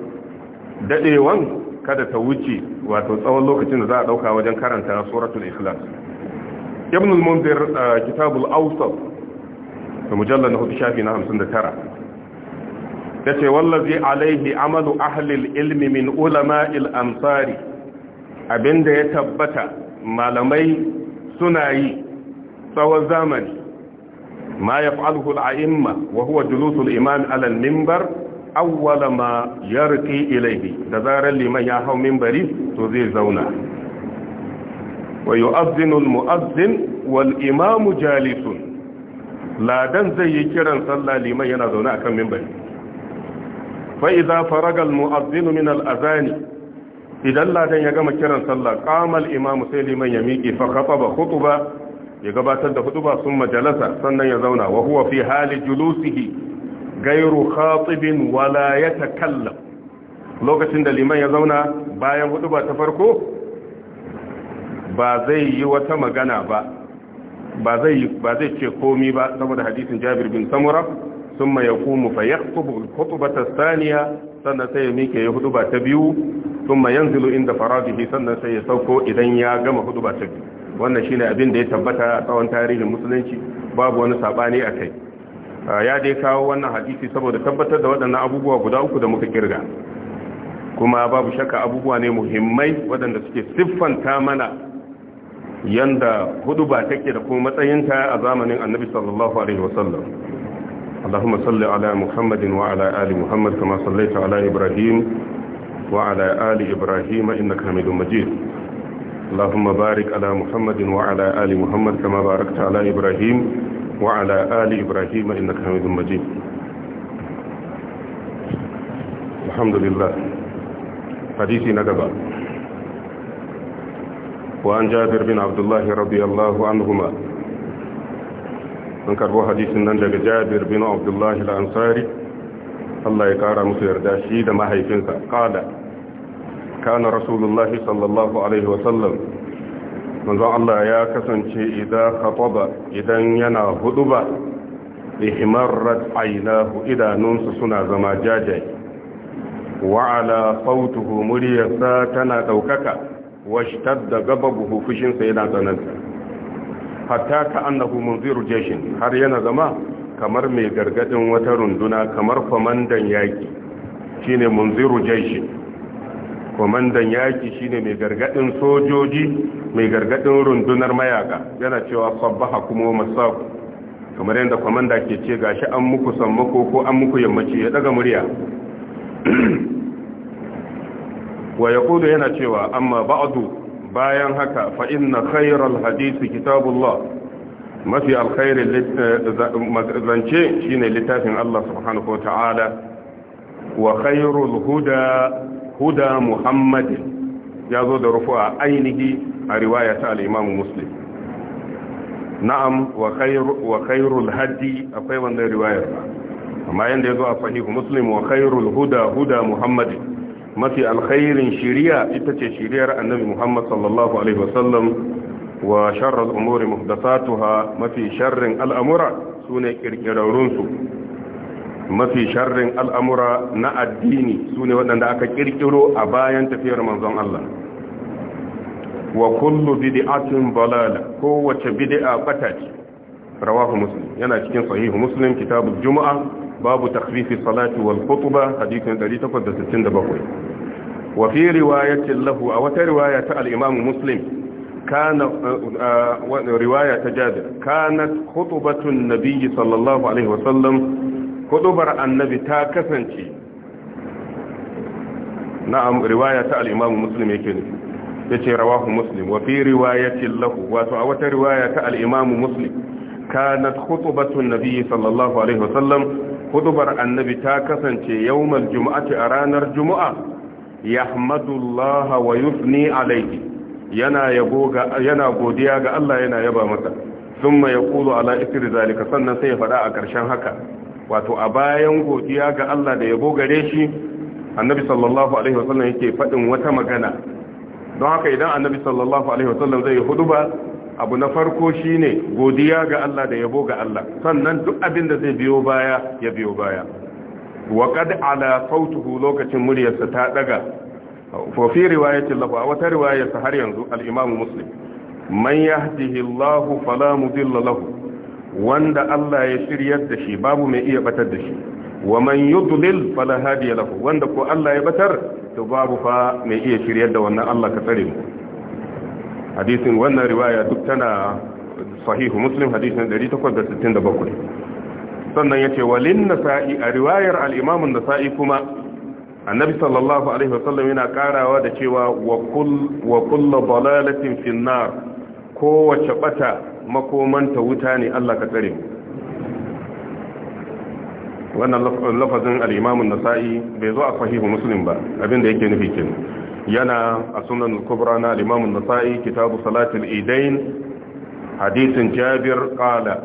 dadewan kada ta wuce wato tsawon lokacin da za a dauka wajen karanta suratul ikhlas ibn al-munzir uh, kitabul awsat da mujallal na shafi na 59 yace wallazi alaihi amalu ahli al-ilmi min ulama'il amsari abinda ya tabbata malamai suna yi tsawon zamani ma ya fa'alhu al'imma wa huwa julusul imam alal mimbar awwala ma yarqi ilayhi da zarar liman ya hau mimbari to zai zauna wa yu'adhdhinu al-mu'adhdhin wal imamu jalisun ladan zai yi kiran sallah liman yana zaune akan mimbari fa idza faraga al-mu'adhdhin min al-azani idan ladan ya gama kiran sallah qama al-imamu sai liman ya miƙe fa khataba khutba ya gabatar da hutuba sun majalasa sannan ya zauna wa huwa fi hali julusihi gairu khatibin wala yatakallam lokacin da liman ya zauna bayan hutuba ta farko ba zai yi wata magana ba ba zai ba zai ce komi ba saboda hadisin Jabir bin Samura ثم يقوم فيخطب الخطبة الثانية سنة سيميك يهدب تبيو ثم ينزل عند فراغه سنة سيسوكو إذن ياغم ta biyu. wannan shine abin da ya tabbata a tsawon tarihin musulunci babu wani saɓani a kai ya dai kawo wannan hadisi saboda tabbatar da waɗannan abubuwa guda uku da muka kirga kuma babu shakka abubuwa ne muhimmai waɗanda suke siffanta mana yanda hudu ba take da kuma matsayinta a zamanin annabi sallallahu alaihi wasallam اللهم صل على محمد وعلى آل محمد كما صليت على إبراهيم وعلى آل ibrahim إنك حميد مجيد اللهم بارك على محمد وعلى آل محمد كما باركت على إبراهيم وعلى آل إبراهيم إنك حميد مجيد الحمد لله حديثي نقبا وعن جابر بن عبد الله رضي الله عنهما an karbo hadisin nan daga jabir bin abdullahi al'ansari Allah ya kara musu yarda shi da mahaifinsa kada kana rasulullahi sallallahu alaihi wasallam manzon Allah ya kasance idan khataba idan yana huduba ihmarrat aynahu idanunsa suna zama jajaye wa ala sautuhu muryarsa tana daukaka washtadda gababuhu fushinsa yana tsananta hatta ka annahu munziru jeshin har yana zama kamar mai gargadin wata runduna kamar kwamandan yaki shine munziru jeshin komandan yaki shine mai gargadin sojoji mai gargadin rundunar mayaka yana cewa sabbaha kuma masaku kamar yadda komanda ke ce gashi an muku sammako ko an muku yammaci ya daga murya wa yaqulu yana cewa amma ba'du bayan haka fa inna khayral hadisi kitabullah mafi alkhairin eh, zance shine littafin Allah subhanahu wa wa khairul huda huda muhammadin ya zo da a ainihi a riwaya ta al'imamu muslim na'am wa khairul hadi akwai wannan riwayar ba amma yadda ya zo a fahimu muslim wa khairul huda huda muhammadin mafi alkhairin shiriya ita ce shiriyar annabi muhammad sallallahu alaihi wasallam wa sharrar umuri muhdasatuha mafi sharrin al'amura su ne ƙirƙirarrunsu mafi sharrin al'amura na addini su ne waɗanda aka ƙirƙiro a bayan tafiyar manzon Allah wa kullu bidi'atin balala kowace bidi'a bata ce rawahu muslim yana cikin sahihu muslim kitabul juma'a babu takhfifi salati wal khutba hadithin 867 wa fi riwayatin lahu a wata riwaya ta al-imam muslim uh, uh, riwaya ta جابر كانت خطبة النبي sallallahu alaihi wa sallam. hudubar annabi ta kasance na'am riwaya ta al-imamu muslim yake ne ce rawahu muslim wa fi riwayatin lahu wato a wata riwaya ta al-imamu muslim kanat khutubatu an-nabi sallallahu alaihi wasallam hudubar annabi ta kasance yawmal jumu'ati a ranar jumu'a yahmadullaha wa yusni alaihi yana yabo ga yana godiya ga Allah yana yaba masa thumma yaqulu ala isri zalika sannan sai ya fada a ƙarshen haka wato a bayan godiya ga Allah da yabo gare shi annabi sallallahu alaihi wasallam yake faɗin wata magana don haka idan annabi sallallahu alaihi wasallam zai huduba abu na farko shine godiya ga Allah da yabo ga Allah sannan duk abin da zai biyo baya ya biyo baya wa qad ala sautuhu lokacin muryarsa ta daga fa fi a lahu wa ta riwayarsa har yanzu al-imam muslim man yahdihillahu fala mudilla lahu wanda Allah ya shiryar da shi babu mai iya batar da shi wa man yudlil fala hadiya lahu wanda ko Allah ya batar to babu fa mai iya shiryar da wannan Allah ka tsare mu hadisin wannan riwaya duk tana sahihu muslim hadisin 867 sannan yace walin nasa'i a riwayar al-imam an-nasa'i kuma annabi sallallahu alaihi wasallam yana karawa da cewa wa kull wa kullu dalalatin fin nar kowace bata makomanta wuta ne Allah ka tsare wannan lafazin al'imamun nasa'i bai zo a fahimu musulun ba abinda yake nufi ke yana a sunan kubra na al'imamun nasa'i kitabu salatul idain hadisin jabir kala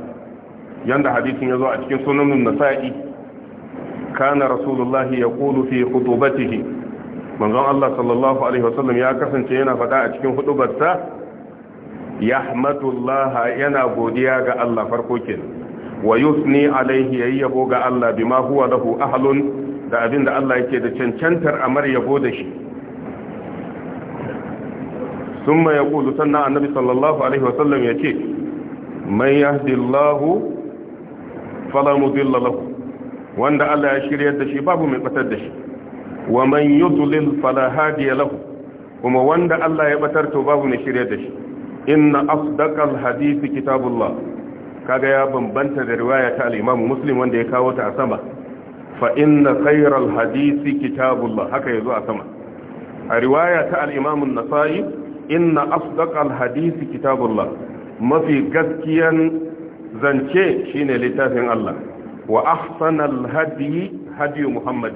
yanda hadisin ya zo a cikin sunan nasa'i kana rasulullahi ya kulu fi hudubatihi manzon Allah sallallahu alaihi wasallam ya kasance yana faɗa a cikin hudubarsa yahmadullah yana godiya ga Allah farko kenan wa yusni alaihi yayi yabo ga Allah bima huwa lahu ahlun da abinda Allah yake da cancantar amar yabo da shi summa yaqulu sanna annabi sallallahu alaihi wa sallam yace man yahdillahu fala mudilla lahu wanda Allah ya shiryar da shi babu mai batar da shi wa man yudlil fala hadiya lahu kuma wanda Allah ya batar to babu mai shiryar da shi inna asdaqal hadisi kitabullah kaga ya bambanta da riwaya ta al-Imam Muslim wanda ya kawo ta a sama fa inna khayral hadisi kitabullah haka yazo a sama a riwaya ta al-Imam an-Nasa'i inna asdaqal hadisi kitabullah mafi gaskiyan zance shine littafin Allah wa ahsanal hadi hadi Muhammad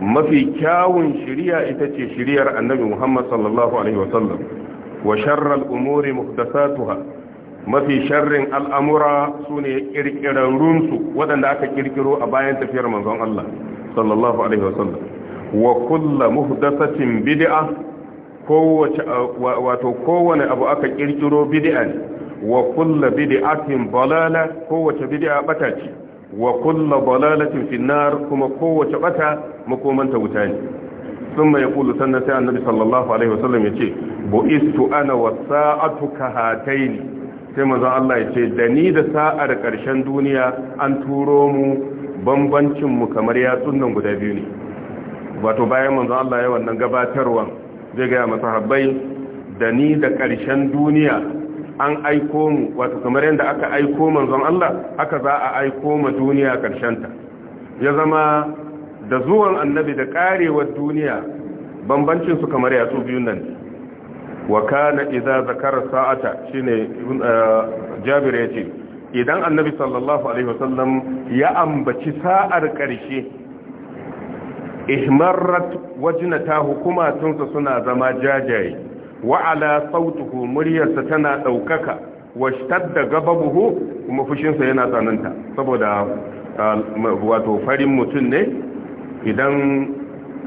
mafi kyawun shiriya ita ce shiriyar Annabi Muhammad sallallahu alaihi sallam. wa sharrar umuri muhdathatuha mafi sharrin al'amura su ne ƙirƙirarrunsu waɗanda aka ƙirƙiro a bayan tafiyar mangan Allah sallallahu Alaihi wasallam wa kulla muhdasacin bidi'a wato kowane abu aka ƙirƙiro bidi'a ne wa kulla bidi'atin balala kowace bidi'a bata ce wa kulla balalatin finnar kuma kowace bata makomanta wuta ne ثم يقول سنة النبي صلى الله عليه وسلم يقول بئست أنا والساعة كهاتين كما ذا الله يقول دني دا ساعة كرشان دنيا أن ترومو بمبان شمو سنن قد بيوني wato bayan manzo Allah ya wannan gabatarwan zai ga masahabbai da ni كرشان ƙarshen an aiko mu wato kamar yadda aka aiko manzon Allah aka za a aiko ma duniya ƙarshen ta ya zama da zuwan annabi da karewar duniya bambancin su kamar yatsu biyu nan wa kana idza zakara sa'ata shine uh, jabir yace idan annabi sallallahu alaihi wasallam ya ambaci sa'ar karshe ihmarrat wajnata hukumatunsa suna zama jajaye wa ala sautuhu muryarsa tana daukaka washtadda gababuhu kuma fushinsa yana tsananta saboda uh, wato farin mutum ne idan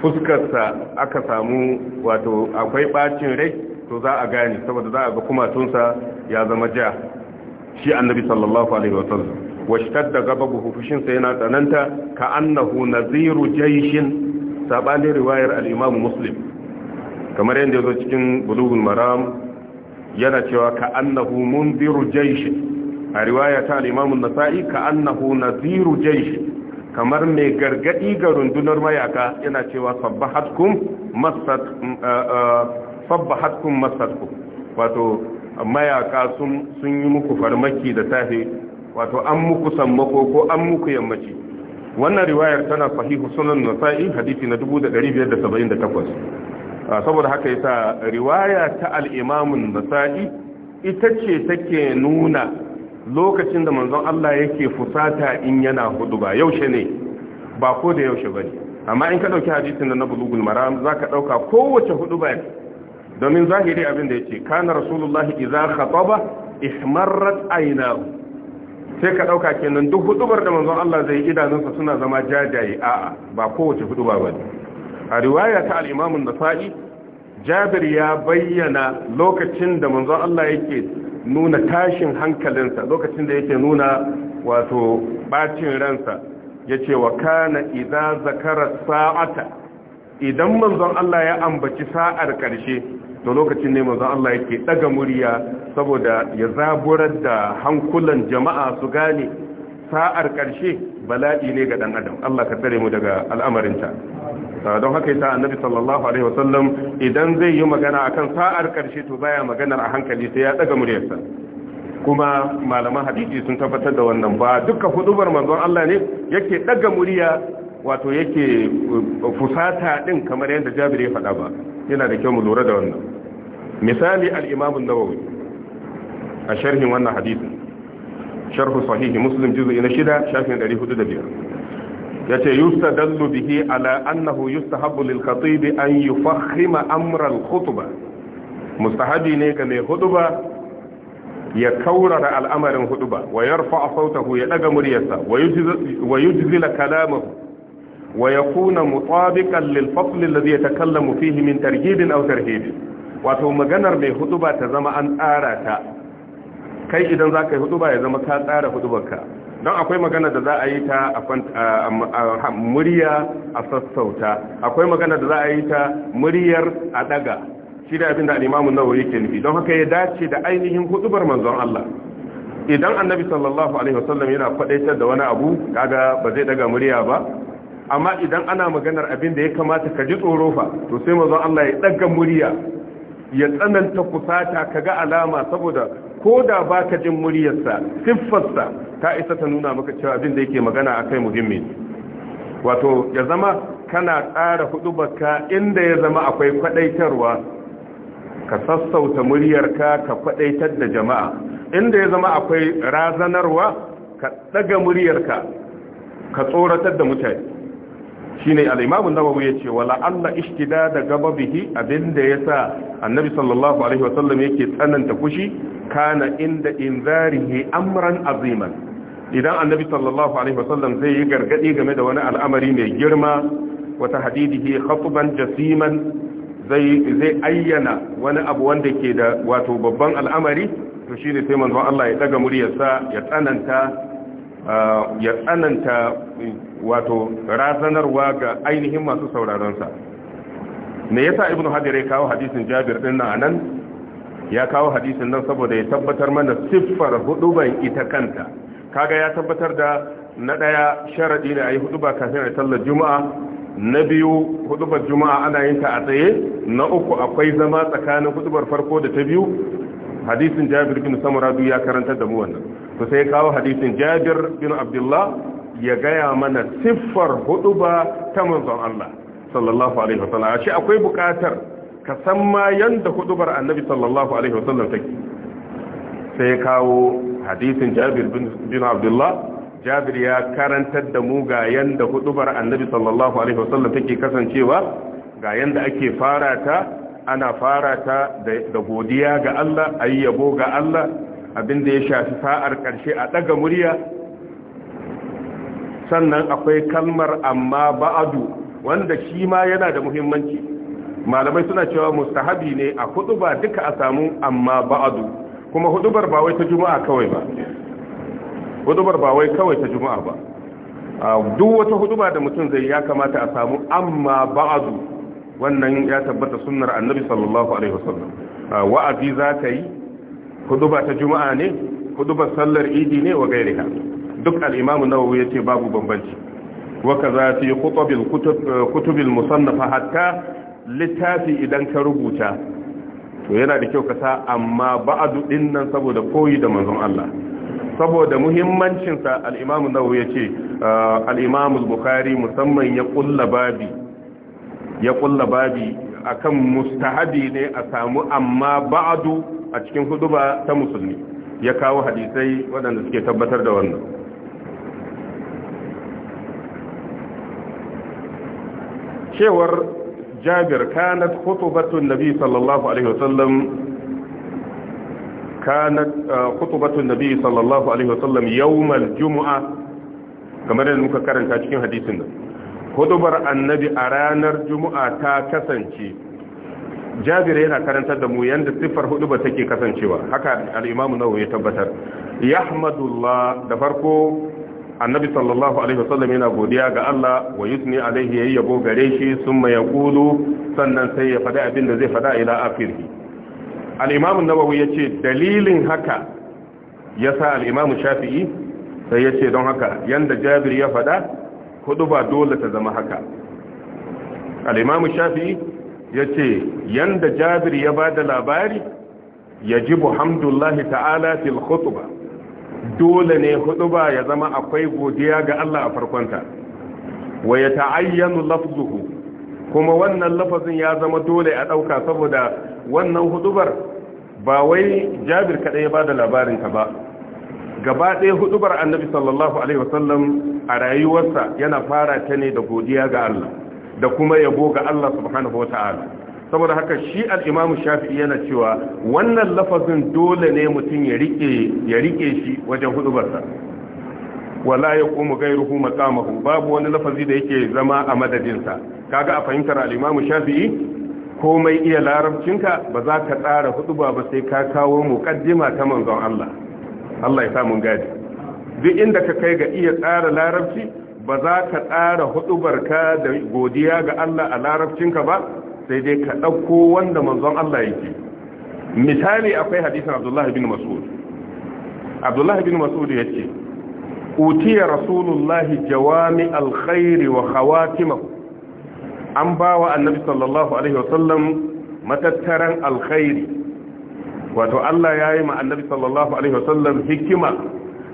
fuskarsa aka samu wato akwai bacin rai to za a gane saboda za a ga kumatunsa ya zama ja shi annabi sallallahu alaihi wasallam washtadda gabahu fushinsa yana tsananta ka annahu naziru jayshin sabani riwayar al-imam muslim kamar yadda yazo cikin bulugul maram yana cewa ka annahu munziru jayshin a riwaya ta al-imam an-nasa'i ka annahu naziru jayshin kamar mai gargadi ga rundunar mayaka yana cewa sabbahatkum eh, eh, hatkun masarku wato mayaka sun yi muku farmaki da tafi wato an muku sammako ko an muku yammaci wannan riwayar tana sahihu sunan nasa'i hadisi na 1578 ah, saboda haka yasa riwaya ta al'imamun nasai ita ce take nuna lokacin da manzon Allah yake fusata in yana hudu ba yaushe ne ba ko da yaushe ba ne amma in ka ɗauki hadisin da na bulugul maram za ka ɗauka kowace hudu ba domin zahiri abin da ya ce kana rasulullahi iza khataba ihmarrat aynahu sai ka ɗauka kenan duk hudubar da manzon Allah zai idanunsa suna zama jajaye a'a ba kowace hudu ba ne a riwaya ta al-imamu nasa'i jabir ya bayyana lokacin da manzon Allah yake nuna tashin hankalinsa lokacin da yake nuna wato bacin ransa yace wa kana idza zakara sa'ata idan manzon Allah ya ambaci sa'ar karshe to lokacin ne manzon Allah yake daga murya saboda ya zaburar da hankulan jama'a su gane sa'ar karshe bala'i ne ga dan adam Allah ka tsare mu daga al'amarinta ah, don haka yasa annabi sallallahu alaihi wasallam idan zai yi magana akan sa'ar karshe to baya maganar a hankali sai ya daga muryarsa kuma malaman hadisi sun tabbatar da wannan ba duka hudubar manzon Allah ne yake daga murya wato yake uh, fusata din kamar yadda Jabir ya faɗa ba yana da kyau mu lura da wannan misali al-Imam an-Nawawi a sharhin wannan hadisin شرح صحيح مسلم جزء نشدة شافين داري حدود بير يتي يستدل به على أنه يستحب للخطيب أن يفخم أمر الخطبة مستحبي نيكا لخطبة يكورر الأمر الخطبة ويرفع صوته يلقى مريسة ويجزل كلامه ويكون مطابقا للفصل الذي يتكلم فيه من ترجيب أو ترهيب وتوم جنر من خطبة زمان آراتا kai idan za ka yi hudu ba ya zama ka tsara hudu ka don akwai magana da za a yi ta a murya a sassauta akwai magana da za a yi ta muryar a daga shi da abin da al'imamu nawa yake nufi don haka ya dace da ainihin hudubar manzon Allah idan annabi sallallahu alaihi wasallam yana faɗaitar da wani abu kaga ba zai daga murya ba amma idan ana maganar abin da ya kamata ka ji tsoro fa to sai manzon Allah ya ɗaga murya ya tsananta kusata ga alama saboda ko da baka jin muryarsa siffarsa ta isa ta nuna maka cewa abin da yake magana a kai muhimmi wato ya zama kana tsara baka, inda ya zama akwai kwadaitarwa ka sassauta muryarka ka kwadaitar da jama'a inda ya zama akwai razanarwa ka daga muryarka ka tsoratar da mutane shine al-imam an ya ce wala anna da gababihi abinda yasa annabi sallallahu alaihi wasallam yake tsananta fushi kana inda inzarihi amran aziman idan annabi sallallahu alaihi wasallam zai yi gargadi game da wani al'amari mai girma wata hadidihi khutban jasiman zai zai ayyana wani abu wanda ke da wato babban al'amari to shine sai manzo Allah ya daga muryarsa ya tsananta ya tsananta wato razanarwa ga ainihin masu sauraronsa me yasa ibnu hadir ya kawo hadisin jabir din nan anan ya kawo hadisin nan saboda ya tabbatar mana siffar huduban ita kanta kaga ya tabbatar da na daya sharadi ne ayi huduba kafin a sallar juma'a na biyu hudubar juma'a ana yin ta a tsaye na uku akwai zama tsakanin hudubar farko da ta biyu hadisin jabir bin samuradu ya karanta da mu wannan to sai kawo hadisin jabir bin abdullah ya gaya mana siffar hudu ba ta manzon Allah sallallahu alaihi wasallam a ce akwai bukatar ka san ma yanda hudubar annabi sallallahu alaihi wasallam take sai kawo hadisin jabir bin abdullah jabir ya karantar da mu ga yanda hudubar annabi sallallahu alaihi wasallam take kasancewa ga yanda ake fara ta ana fara ta da godiya ga Allah ayyabo ga Allah abinda ya shafi sa'ar ƙarshe a ɗaga murya sannan akwai kalmar amma ba'adu wanda shi ma yana da muhimmanci malamai suna cewa mustahabi ne a ba duka a samu amma ba'adu kuma bar ba wai ta juma'a kawai ba bar ba wai kawai ta juma'a ba duk wata ba da mutum zai ya kamata a samu amma ba'adu wannan ya tabbata sunnar annabi sallallahu alaihi wasallam wa'azi za ka yi huduba ta juma'a ne hudubar sallar idi ne wa gairiha duk al-imam an ce yace babu bambanci Waka za fi kutubin kutub hatta littafi idan ka rubuta to yana da kyau ka sa amma ba'du nan saboda koyi da manzon Allah saboda muhimmancinsa al'imamu nau ya ce ah, al'imamu bukari musamman ya ƙulla ya ƙulla babi akan mustahabi ne a samu amma ba'adu a cikin huduba ta musulmi ya kawo hadisai waɗanda suke tabbatar da wannan cewar jabir kanat hutubatun nabi sallallahu alaihi wasallam kanat eh, hutubatun nabi sallallahu alaihi wasallam yawmal jumu'a kamar yadda muka karanta cikin hadisin nan hudubar annabi a ranar juma'a ta kasance jabir yana karantar da mu yanda siffar hudubar take kasancewa haka al-imamu ya tabbatar yahmadullah da farko annabi sallallahu alaihi wasallam yana godiya ga Allah wa yusni alaihi yayi yabo gare shi summa yaqulu sannan sai ya faɗi abin da zai faɗa ila akhirih al-imamu ya yace dalilin haka yasa sa imamu shafi'i sai yace don haka yanda jabir ya faɗa hudu ba dole ta zama haka al'imamu shafi'i ya ce yanda jabir ya ba da labari ya ji buhamdullahi ta'ala fil ba dole ne ba ya zama akwai godiya ga Allah a farkonta wa ya ta'ayyanu lafzuhu kuma wannan lafazin ya zama dole a ɗauka saboda wannan hudubar ba wai jabir kaɗai ya ba da labarinta ba gaba ɗaya hudubar annabi sallallahu alaihi wasallam a rayuwarsa yana fara ta ne da godiya ga Allah da kuma yabo ga Allah subhanahu wata'ala saboda haka shi al-Imam Shafi'i yana cewa wannan lafazin dole ne mutum ya rike ya rike shi wajen hudubarsa wala yaqumu ghayruhu maqamahu babu wani lafazi da yake zama a madadin sa kaga a fahimtar al-Imam Shafi'i komai iya larabcinka ba za ka tsara huɗuba ba sai ka kawo muqaddima ta manzon Allah Allah ya sa gadi duk inda ka kai ga iya tsara larabci ba za ka tsara hudubarka da godiya ga Allah a larabcinka ba sai dai ka ɗauko wanda manzon Allah yake misali akwai hadisin Abdullahi bin Mas'ud Abdullahi bin Mas'ud yace utiya rasulullahi jawami alkhairi wa Hawatima an bawa annabi sallallahu alaihi sallam matattaran alkhairi wato Allah ya yi ma'annabi sallallahu alaihi wasallam hikima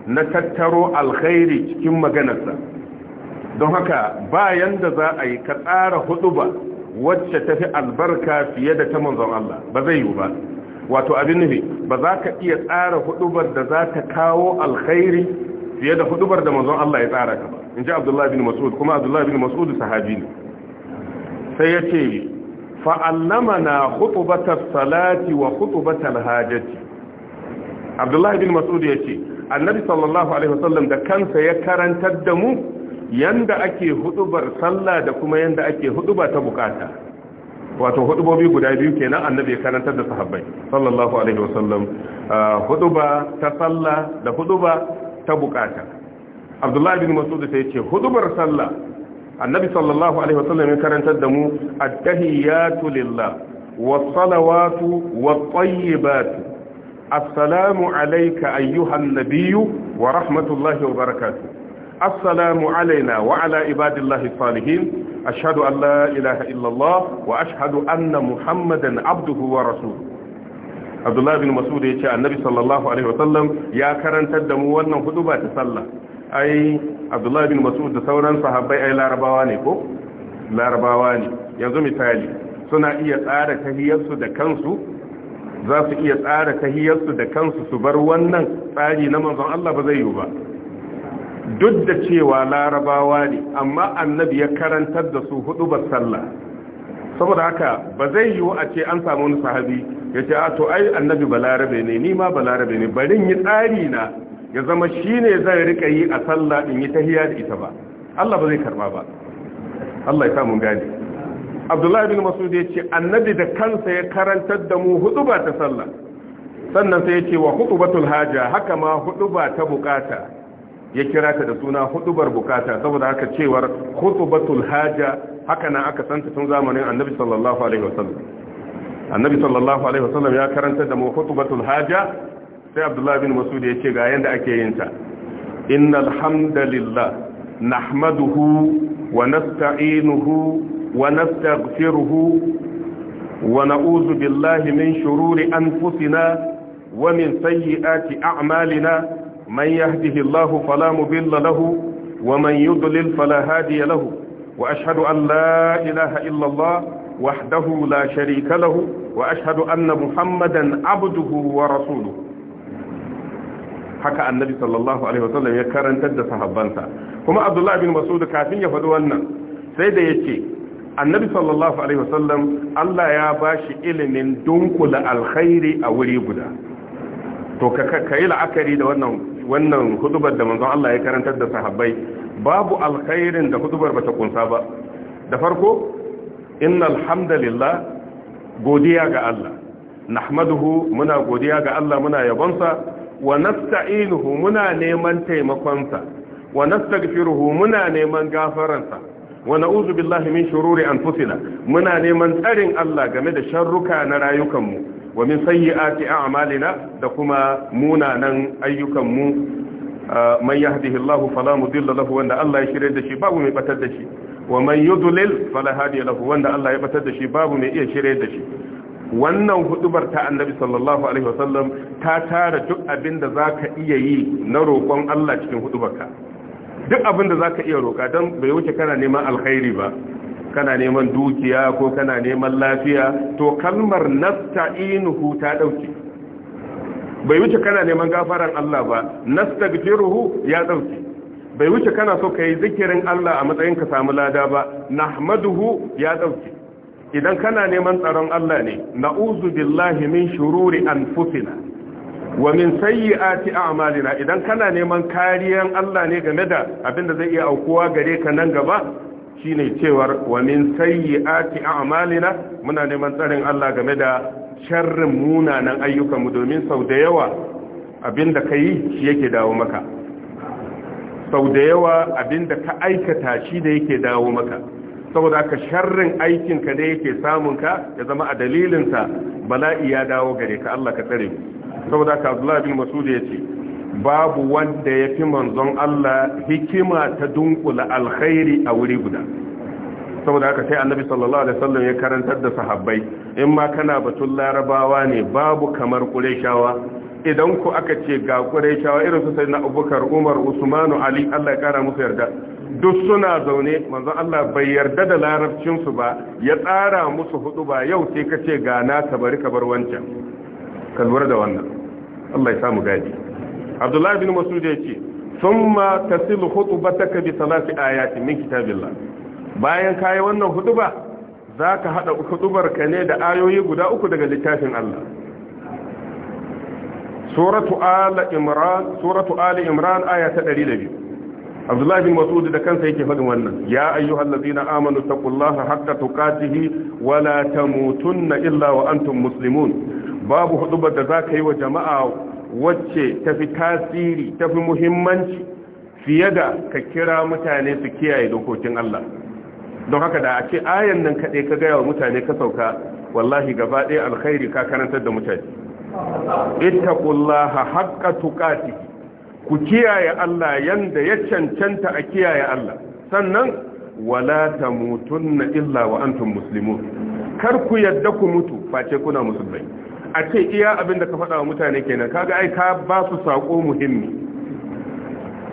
na tattaro alkhairi cikin maganarsa don haka bayan da za a yi ka tsara huduba wacce tafi albarka fiye da ta manzon Allah ba zai yi ba wato abin nufi ba za ka iya tsara hudubar da za kawo alkhairi fiye da hudubar da manzon Allah ya tsara ka ba in ji Abdullahi bin Mas'ud kuma Abdullahi bin Mas'ud sahabi ne sai ya ce na hutubatar salati wa hutubatar hajjati abdullahi bin masud ya ce annabi sallallahu alaihi wasallam da kansa ya karantar da mu yanda ake hutubar sallah da kuma yanda ake ta wato hutubobi guda biyu kenan annabi ya karantar da sahabbai sallallahu alaihi wasallam ah, hutuba ta sallah da huɗuba ta bukata abdullahi bin masud sai ya ce hutubar sallah annabi sallallahu alaihi wasallam ya karantar da mu at-tahiyatu lillah was-salawatu wat-tayyibat assalamu alayka ayyuhan nabiy wa rahmatullahi wa barakatuh assalamu alaina wa ala ibadillahi salihin ashhadu an la ilaha illallah wa ashhadu anna muhammadan abduhu wa rasuluhu Abdullahi bin Masudu ya ce, Annabi sallallahu Alaihi wasallam ya karantar da mu wannan hudu ba ta sallah, ai abdullahi bin masud da sauran sahabbai ai larabawa ne ko larabawa ne yanzu misali suna iya tsara tahiyarsu da kansu za su iya tsara tahiyarsu da kansu su bar wannan tsari na manzon Allah ba zai yi ba duk da cewa larabawa ne amma annabi ya karantar da su hudu ba sallah saboda haka ba zai yi a ce an samu wani sahabi ya ce a to ai annabi balarabe ne ni ma balarabe ne barin yi tsari na ya zama shi ne zan rika yi a sallah in yi hiyar da ita ba Allah ba zai karba ba Allah ya samu gani Abdullahi bin Mas'ud ya ce annabi da kansa ya karantar da mu huduba ta sallah sannan sai ya ce wa hudubatul haja haka ma ba ta bukata ya kira ta da suna hudubar bukata saboda haka cewar hudubatul haja haka na aka santa tun zamanin annabi sallallahu alaihi wasallam annabi sallallahu alaihi wasallam ya karanta da mu hutubatul haja sai abdullah bin masud ya ce ga yadda ake yin ta innal hamdalillah nahmaduhu wa nasta'inuhu wa nastaghfiruhu wa billahi min shururi anfusina wa min sayyiati a'malina man yahdihillahu fala mudilla lahu wa man yudlil fala hadiya lahu wa ashhadu an la ilaha illa allah وحده لا شريك له وأشهد أن محمدا wa ورسوله haka annabi sallallahu alaihi wasallam ya karantar da sahabbansa kuma abdullahi bin mas'ud kafin ya faɗi wannan sai da yake annabi sallallahu alaihi wasallam Allah ya bashi ilimin dunkula alkhairi a wuri guda to ka la'akari da wannan wannan hudubar da manzon Allah ya karantar da sahabbai babu alkhairin da hudubar bata kunsa ba da farko innal hamdalillah godiya ga Allah nahmaduhu muna godiya ga Allah muna yabonsa wa nasta'inuhu muna neman taimakonsa wa nastaghfiruhu muna neman gafaransa wa na'udhu billahi min shururi anfusina muna neman tsarin Allah game da sharruka na rayukanmu wa min sayyiati a'malina da kuma munanan ayyukanmu ah, man yahdihillahu fala mudilla lahu wanda Allah ya shirye da shi babu mai batar da shi wa man yudlil fala hadiya lahu wanda Allah ya batar da shi babu mai iya shirye da shi wannan hudubar ta annabi sallallahu alaihi wasallam ta tara duk abinda da za ka iya yi na roƙon Allah cikin hudubarka duk abinda da za iya roƙa don bai wuce kana neman alkhairi ba kana neman dukiya ko kana neman lafiya to kalmar nasta'inuhu ta ɗauki bai wuce kana neman gafaran Allah ba nastaghfiruhu ya ɗauki bai wuce kana so ka zikirin Allah a matsayin ka samu lada ba nahmaduhu ya ɗauki. idan kana neman tsaron Allah ne uzu billahi min shururi anfusina wa min sayyiati a'malina idan kana neman kariyan Allah ne game da abinda zai iya aukuwa gare ka nan gaba shine cewar wa min sayyiati a'malina muna neman tsarin Allah game da sharrin munanan ayyukan mu domin sau da yawa abinda kai shi yake dawo maka sau da yawa abinda ka aikata shi da yake dawo maka saboda aka sharrin aikinka ne yake samun ka ya zama a dalilinsa bala'i ya dawo gare ka Allah ka tsare saboda ka Abdullah bin Mas'ud ya ce babu wanda ya fi manzon Allah hikima ta dunkula alkhairi a wuri guda saboda haka sai annabi sallallahu alaihi wasallam ya karantar da sahabbai in ma kana batun larabawa ne babu kamar qurayshawa idan ku aka ce ga qurayshawa irin su sayyidina abubakar umar usmanu ali Allah ya kara musu yarda duk suna zaune manzon Allah bai yarda da larabcinsu ba ya tsara musu hudu ba yau sai ka ce ga na bari ka bar wancan ka lura da wannan Allah ya samu gadi Abdullahi bin Mas'ud ya ce thumma tasilu khutbataka bi salati ayati min kitabillah bayan kai wannan hutuba zaka hada hudubar ka ne da ayoyi guda uku daga littafin Allah suratu Ali imran suratu ala imran aya ta 102 abdullahi bin mas'ud da kansa yake faɗin wannan ya ayyuhal ladina amanu taqullaha haqqa tuqatihi wa la tamutunna illa wa antum muslimun babu hudubar da zaka yi wa jama'a wacce tafi tasiri tafi muhimmanci fiye da ka kira mutane su kiyaye dokokin Allah don haka da a ce ayan nan kaɗai ka gaya wa mutane ka sauka wallahi gaba ɗaya alkhairi ka karantar da mutane ittaqullaha haqqa tuqatihi ku kiyaye Allah yanda ya cancanta a kiyaye Allah sannan wala tamutunna illa wa antum muslimun kar ku yadda ku mutu face kuna musulmai a ce iya abin da ka faɗa wa mutane kenan kaga ai ka ba su sako muhimmi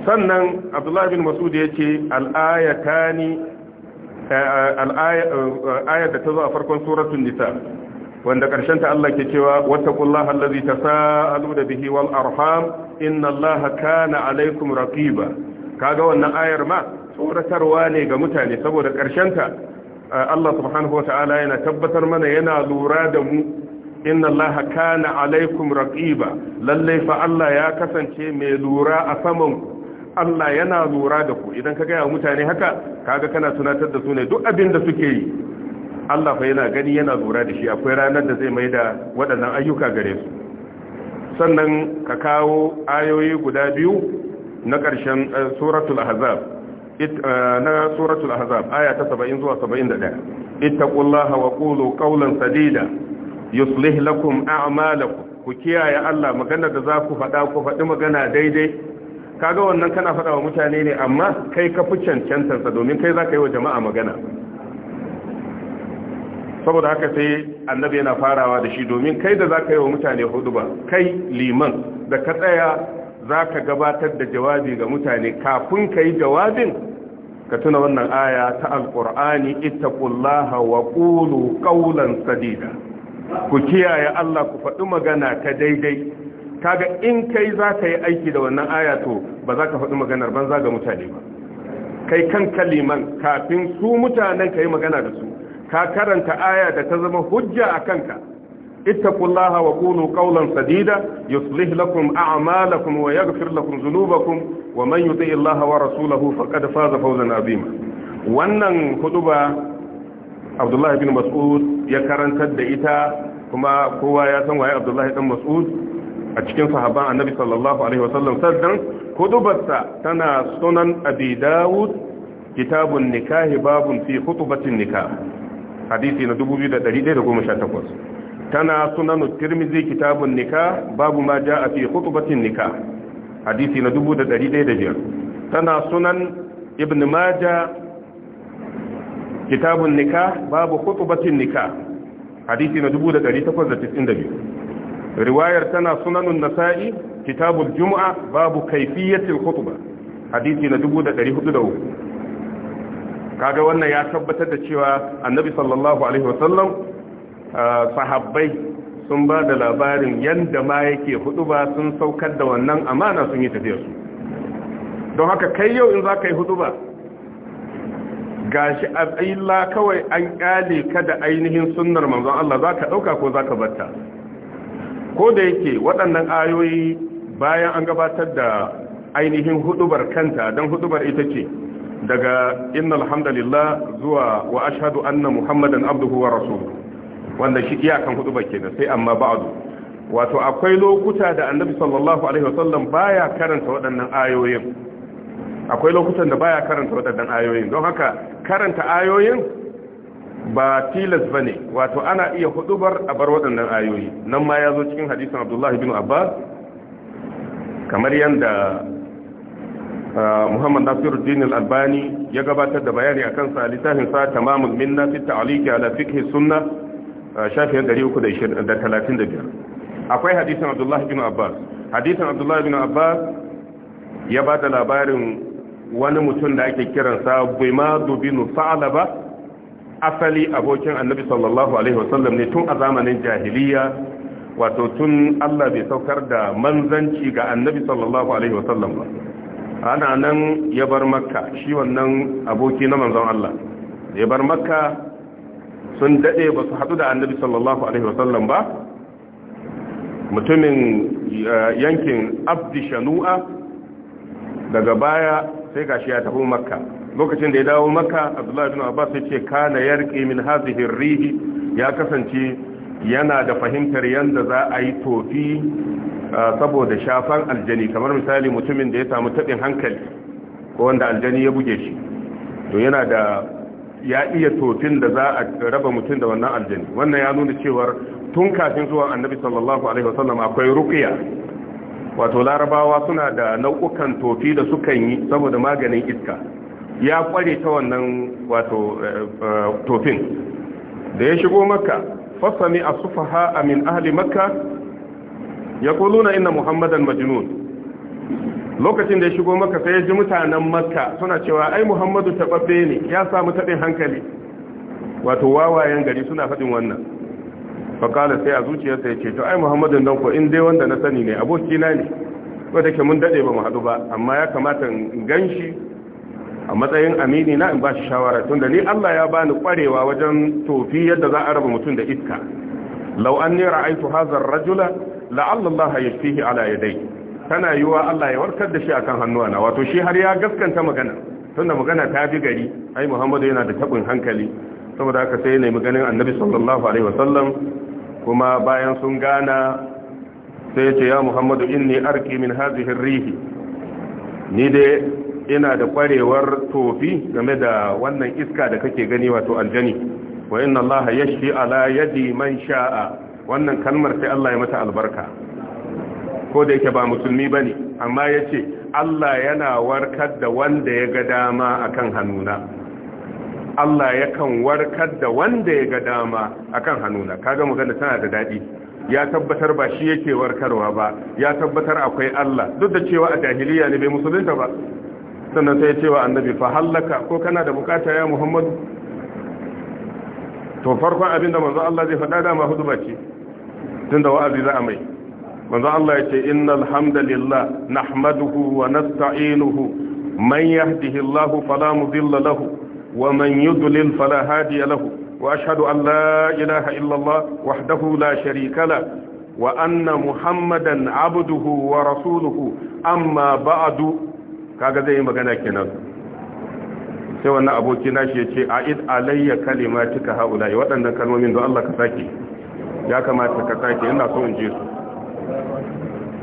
sannan abdullahi bin masud yace al-ayatani eh, eh, al-ayat eh, da ta zo a farkon suratul nisa wanda ƙarshen ta Allah ke cewa wattaqullaha allazi tasaaluna bihi wal arham innallaha kana alaikum raqiba kaga wannan ayar ma tsoratarwa ne ga mutane saboda ƙarshen ta eh, Allah subhanahu wataala yana tabbatar mana yana lura da mu innallaha kana alaikum raqiba lalle fa Allah ya kasance mai lura a saman ku Allah yana lura da ku idan ka gaya mutane haka kaga kana tunatar da su ne duk abin da suke yi Allah fa yana gani yana lura da shi akwai ranar da zai mai da waɗannan ayyuka gare su sannan ka kawo ayoyi guda biyu na ƙarshen eh, suratul ahzab eh, na suratul ahzab aya ta 70 zuwa 71 ittaqullaha wa qulu qawlan sadida yuslih lakum a'malakum ku kiyaye Allah magana da za ku faɗa ku faɗi magana daidai kaga wannan kana faɗa wa mutane ne amma kai ka fi cancantansa domin kai za ka yi wa jama'a magana saboda haka sai annabi yana farawa da shi domin kai da za ka yi wa mutane hudu ba kai liman da ka tsaya za ka gabatar da jawabi ga mutane kafin ka yi jawabin ka tuna wannan aya ta alkur'ani ita ittaqullaha wa qulu qawlan sadida ku kiyaye Allah ku faɗi magana ka daidai kaga in kai za ka yi aiki da wannan aya to ba za ka faɗi maganar banza ga mutane ba kai kan kaliman kafin su mutanen ka yi magana da su ka karanta aya da ta zama hujja a kanka ittaqullaha wa qulu qawlan sadida yuslih lakum a'malakum wa yaghfir lakum dhunubakum wa man yuti' Allaha wa rasulahu faqad faza fawzan azima wannan huduba Abdullah ibn Mas'ud ya karantar da ita kuma kowa ya san waye Abdullah ibn Mas'ud a cikin sahaban Annabi sallallahu alaihi wasallam sannan hudubarsa tana sunan Abi Dawud kitabun nikahi babun fi hutubatin nikah hadisi na 2118 tana sunanu tirmizi kitabun nika babu ma ja a fi khutbatin nika hadisi na 1105 tana sunan ibn maja kitabun nika babu khutbatin nika hadisi na 1892 riwayar tana sunanun nasa'i kitabul jumu'a babu kaifiyatil khutba hadisi na 1403 kaga wannan ya tabbatar da cewa annabi sallallahu alaihi wasallam uh, sahabbai sun ba da labarin yanda ma yake hudu ba sun saukar da wannan amana sun yi tafiya su don haka kai yau in za ka yi hudu ba gashi a tsayilla kawai an kyale ka da ainihin sunnar manzon Allah za ka ɗauka ko zaka ka ko da yake waɗannan ayoyi bayan an gabatar da ainihin hudubar kanta don hudubar ita ce daga innal hamdalillah zuwa wa ashhadu anna muhammadan abduhu wa rasuluhu wanda shi iyakan hudu bakke da sai amma ba'du wato akwai lokuta da annabi sallallahu alaihi wasallam baya karanta waɗannan ayoyin akwai lokutan da baya karanta waɗannan ayoyin don haka karanta ayoyin ba tilas bane wato ana iya hudubar a bar waɗannan ayoyi nan ma ya zo cikin hadisin abdullahi bin abbas kamar yanda muhammad Nasiru al-albani ya gabatar da bayani akan sa littafin sa tamamul minna fi ta'liqi ala fiqh sunna shafin 335 akwai hadisin abdullah bin abbas hadisin abdullah bin abbas ya ba da labarin wani mutum da ake kiransa bimadu bin salaba asali abokin annabi sallallahu alaihi wasallam ne tun a zamanin jahiliya wato tun Allah bai saukar da manzanci ga annabi sallallahu alaihi wasallam ba ana nan ya bar makka shi wannan aboki na manzon Allah da ya bar makka sun daɗe ba su haɗu da annabi sallallahu alaihi wasallam ba mutumin eh, yankin abdi shanu'a daga baya sai gashi ya tafi makka lokacin da ya dawo makka abdullahi bin abbas ya ce kana yarki min hadhihi rihi ya kasance yana da fahimtar yadda za a yi tofi saboda shafan aljani kamar misali mutumin da ya samu taɓin hankali ko wanda aljani ya buge shi to yana da ya iya tofin da za a raba mutum da wannan aljani wannan ya nuna cewar tun kafin zuwa annabi sallallahu alaihi wasallam akwai ruqiya wato larabawa suna da nau'ukan tofi da sukan yi saboda maganin iska ya kware ta wannan wato eh, eh, tofin da ya shigo makka fasami asufaha min ahli makka Ya nuna inna muhammadan majnun lokacin da ya shigo maka sai ya ji mutanen makka suna cewa ai muhammadu tababbe ne ya samu taɓin hankali wato wawayen gari suna faɗin wannan faƙalar sai a zuciyarsa ya ce to ai Muhammadu don ko in dai wanda na sani ne abokina ne wadda ke mun daɗe ba mu haɗu ba amma ya kamata in shi. a matsayin amini na in ba shi shawara tun da ni allah ya bani kwarewa wajen tofi yadda za a raba mutum da iska lau an ne ra'aitu hazar rajula la'alla Allah fi ala dai tana yiwuwa Allah ya warkar da shi akan na wato shi har ya gaskanta magana tunda magana ta bi gari ai Muhammadu yana da tabin hankali saboda haka sai ne maganin Annabi sallallahu alaihi wasallam kuma bayan sun gana sai ya ce ya Muhammadu inni arqi min hadhihi rihi ni dai ina da kwarewar tofi game da wannan iska da kake gani wato aljani wa inna allaha yashfi ala yadi man sha'a wannan kalmar sai Allah ya mata albarka ko da yake ba musulmi bane amma yace Allah yana warkar da wanda ya ga dama akan hannuna Allah yakan warkar da wanda ya ga dama akan hannuna kaga magana tana da dadi ya tabbatar ba shi yake warkarwa ba ya tabbatar akwai Allah duk da cewa a jahiliya ne bai musulunta ba sannan sai cewa annabi fa hallaka ko kana da bukata ya Muhammadu to farkon abinda manzo Allah zai faɗa da ma ba ce tunda wa'azi za a mai manzo Allah ya ce innal hamdalillah nahmaduhu wa nasta'inuhu man yahdihillahu fala mudilla lahu wa man yudlil fala hadiya lahu wa ashhadu an la ilaha illallah wahdahu la sharika la wa anna muhammadan abduhu wa rasuluhu amma ba'du kaga zai yi magana kenan sai wannan aboki nashi ya ce a'id alayya kalimatika haula waɗannan kalmomin don Allah ka sake ya kamata ka sake ina so in ji su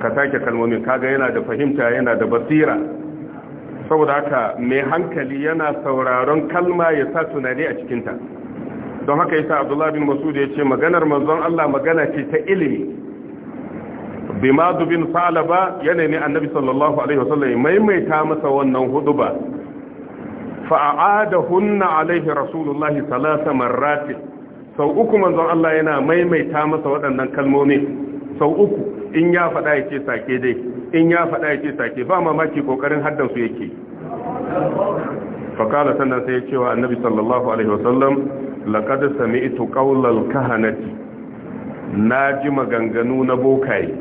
ka sake kalmomin kaga yana da fahimta yana da basira saboda haka mai hankali yana sauraron kalma ya sa tunani a cikinta don haka yasa Abdullah bin Mas'ud ya ce maganar manzon Allah magana ce ta ilimi bima dubin Salaba yana ne Annabi sallallahu alaihi wasallam maimaita masa wannan huduba fa a'adahunna alaihi rasulullahi salasa marratin sau uku manzon Allah yana maimaita masa waɗannan kalmomi sau uku in ya faɗa ya ce sake dai in ya faɗa ya ce sake ba mamaki kokarin haddan su yake fakala sannan sai ya ce wa annabi sallallahu alaihi wasallam laqad sami'tu qawlal kahanati naji maganganu na bokaye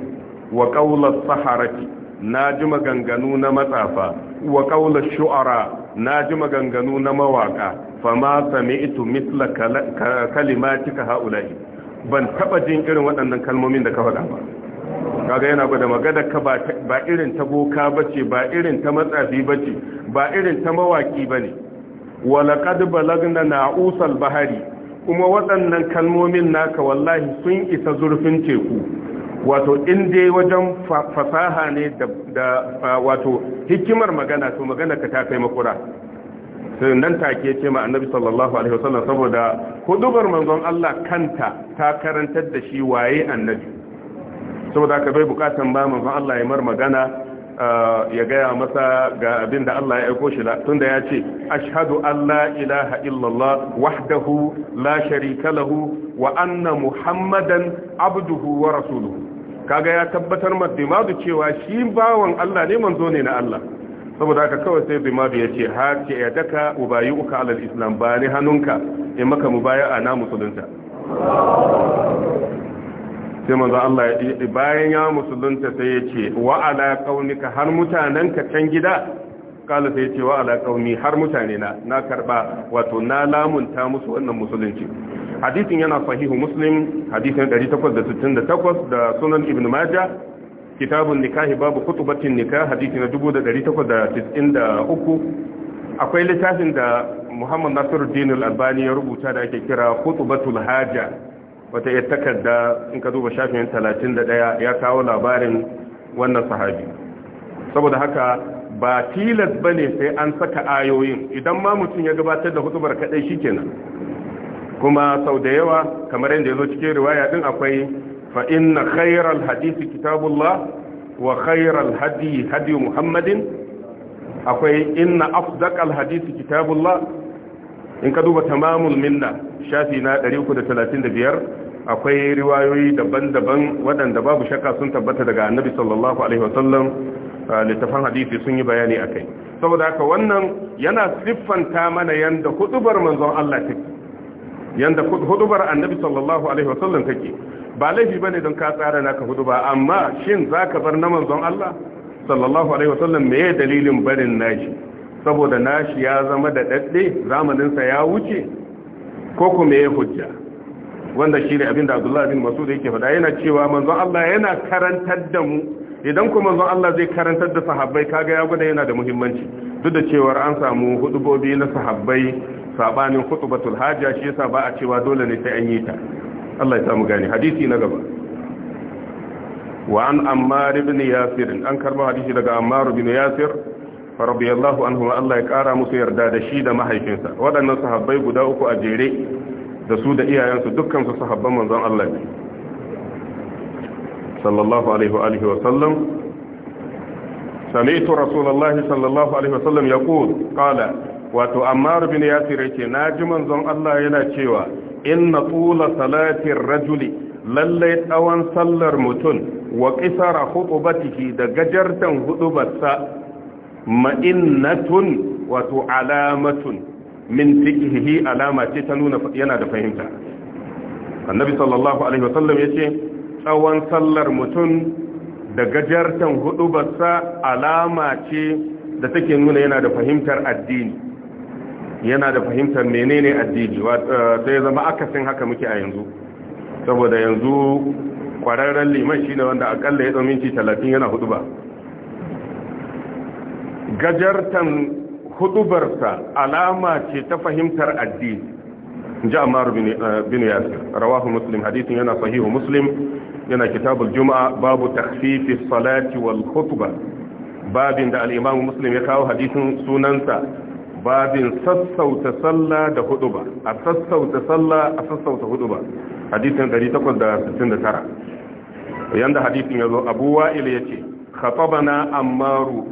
wa qawlas saharati naji maganganu na matsafa wa qawlash shu'ara naji maganganu na mawaƙa. fama sami'tu misla kalimatika haula'i ban taba jin irin waɗannan kalmomin da ka faɗa ba kaga yana gwada magana ka ba irin ta boka ba ce, ba irin ta matsafi ba ce, ba irin ta mawaki bane balag balagna na'usal bahari kuma waɗannan kalmomin naka wallahi sun isa zurfin teku wato in dai wajen fasaha ne da wato hikimar magana to magana ka ta kai makura sai nan take ce ma annabi sallallahu alaihi wasallam saboda hudubar manzon Allah kanta ta karantar da shi waye annabi saboda ka bai bukatan ba manzon Allah ya mar magana uh, ya gaya masa ga abinda Allah ya aiko shi la tunda ya ce ashhadu an la ilaha illallah wahdahu la sharika lahu wa anna muhammadan abduhu wa rasuluhu kaga ya tabbatar ma cewa shi bawan Allah ne manzo ne na Allah saboda haka kawai sai zimadu ya ce har ke ya daka ubayi uka alal islam ba ni hannunka in maka mu baya a na musulunta sai manzo Allah ya bayan ya musulunta sai ya ce wa ala kaunika har mutanenka can gida kala sai ya ce wa ala kauni har mutane na na karba wato na lamunta musu wannan musulunci hadisin yana sahihu muslim hadisin 868 da sunan ibn majah kitabun nikahi babu kutubatin nikah hadisi na 1893 akwai littafin da Muhammad Nasiruddin Al-Albani ya rubuta da ake kira kutubatul haja wata ya takarda in ka duba shafin 31 ya kawo labarin wannan sahabi saboda haka ba tilas bane sai an saka ayoyin idan ma mutum ya gabatar da hutubar kadai shikenan kuma sau da yawa kamar yadda ya zo cikin riwaya din akwai fa inna khairal hadisi kitabullah wa khairal hadi hadi muhammadin akwai inna afdaqal hadisi kitabullah in ka duba tamamul minna shafi na 335 akwai riwayoyi daban-daban waɗanda babu shaka sun tabbata daga annabi sallallahu alaihi wasallam littafan hadisi sun yi bayani a kai saboda haka wannan yana siffanta mana yanda hudubar manzon Allah take yanda hudubar annabi sallallahu alaihi wasallam take ba laifi bane don ka tsara naka hudu ba amma shin zaka bar na manzon Allah sallallahu alaihi wasallam me dalilin barin nashi saboda nashi ya zama da dadde zamanin sa ya wuce ko kuma ya hujja wanda shine abinda Abdullah bin Mas'ud yake faɗa yana cewa manzon Allah yana karantar da mu idan kuma manzon Allah zai karantar da sahabbai kaga ya gwada yana da muhimmanci duk da cewa an samu hudubobi na sahabbai sabanin khutbatul haja shi yasa ba a cewa dole ne sai an yi ta Allah ya samu gani hadisi na gaba wa an ammar ibn yasir an karba hadisi daga ammar ibn yasir radiyallahu anhu Allah ya kara musu yarda da shi da mahaifinsa waɗannan sahabbai guda uku a jere da su da iyayensu dukkan su sahabban manzon Allah ne sallallahu alaihi wa alihi wa sallam sami'tu rasulullahi sallallahu alaihi wa sallam yaqul qala wato ammar ibn yasir yake naji manzon Allah yana cewa inna tula salatin rajuli lallai tsawon sallar mutum wa kisara hutubatiki da gajartan hutubarsa ma'innatun wato alamatun min fiqhihi alama ce ta nuna yana da fahimta annabi sallallahu alaihi wasallam ce tsawon sallar mutum da gajartan hudubarsa alama ce da take nuna yana da fahimtar addini yana da fahimtar menene addini eh, sai zama akasin haka muke a yanzu saboda yanzu kwararren liman ne wanda akalla ya tsaminci talatin yana hudu gajartan hudubarsa alama ce ta fahimtar addini ji amar eh, bin yasir rawahu muslim hadithin yana sahihu muslim yana kitabul juma'a babu taksifi salati wal khutba babin da al-imam muslim ya kawo hadisin sunansa babin sassauta sallah da hudu ba a sassauta sallah a sassauta hudu ba hadisin 869 yanda hadisin ya zo abu wa'il ya ce khatabana ammaru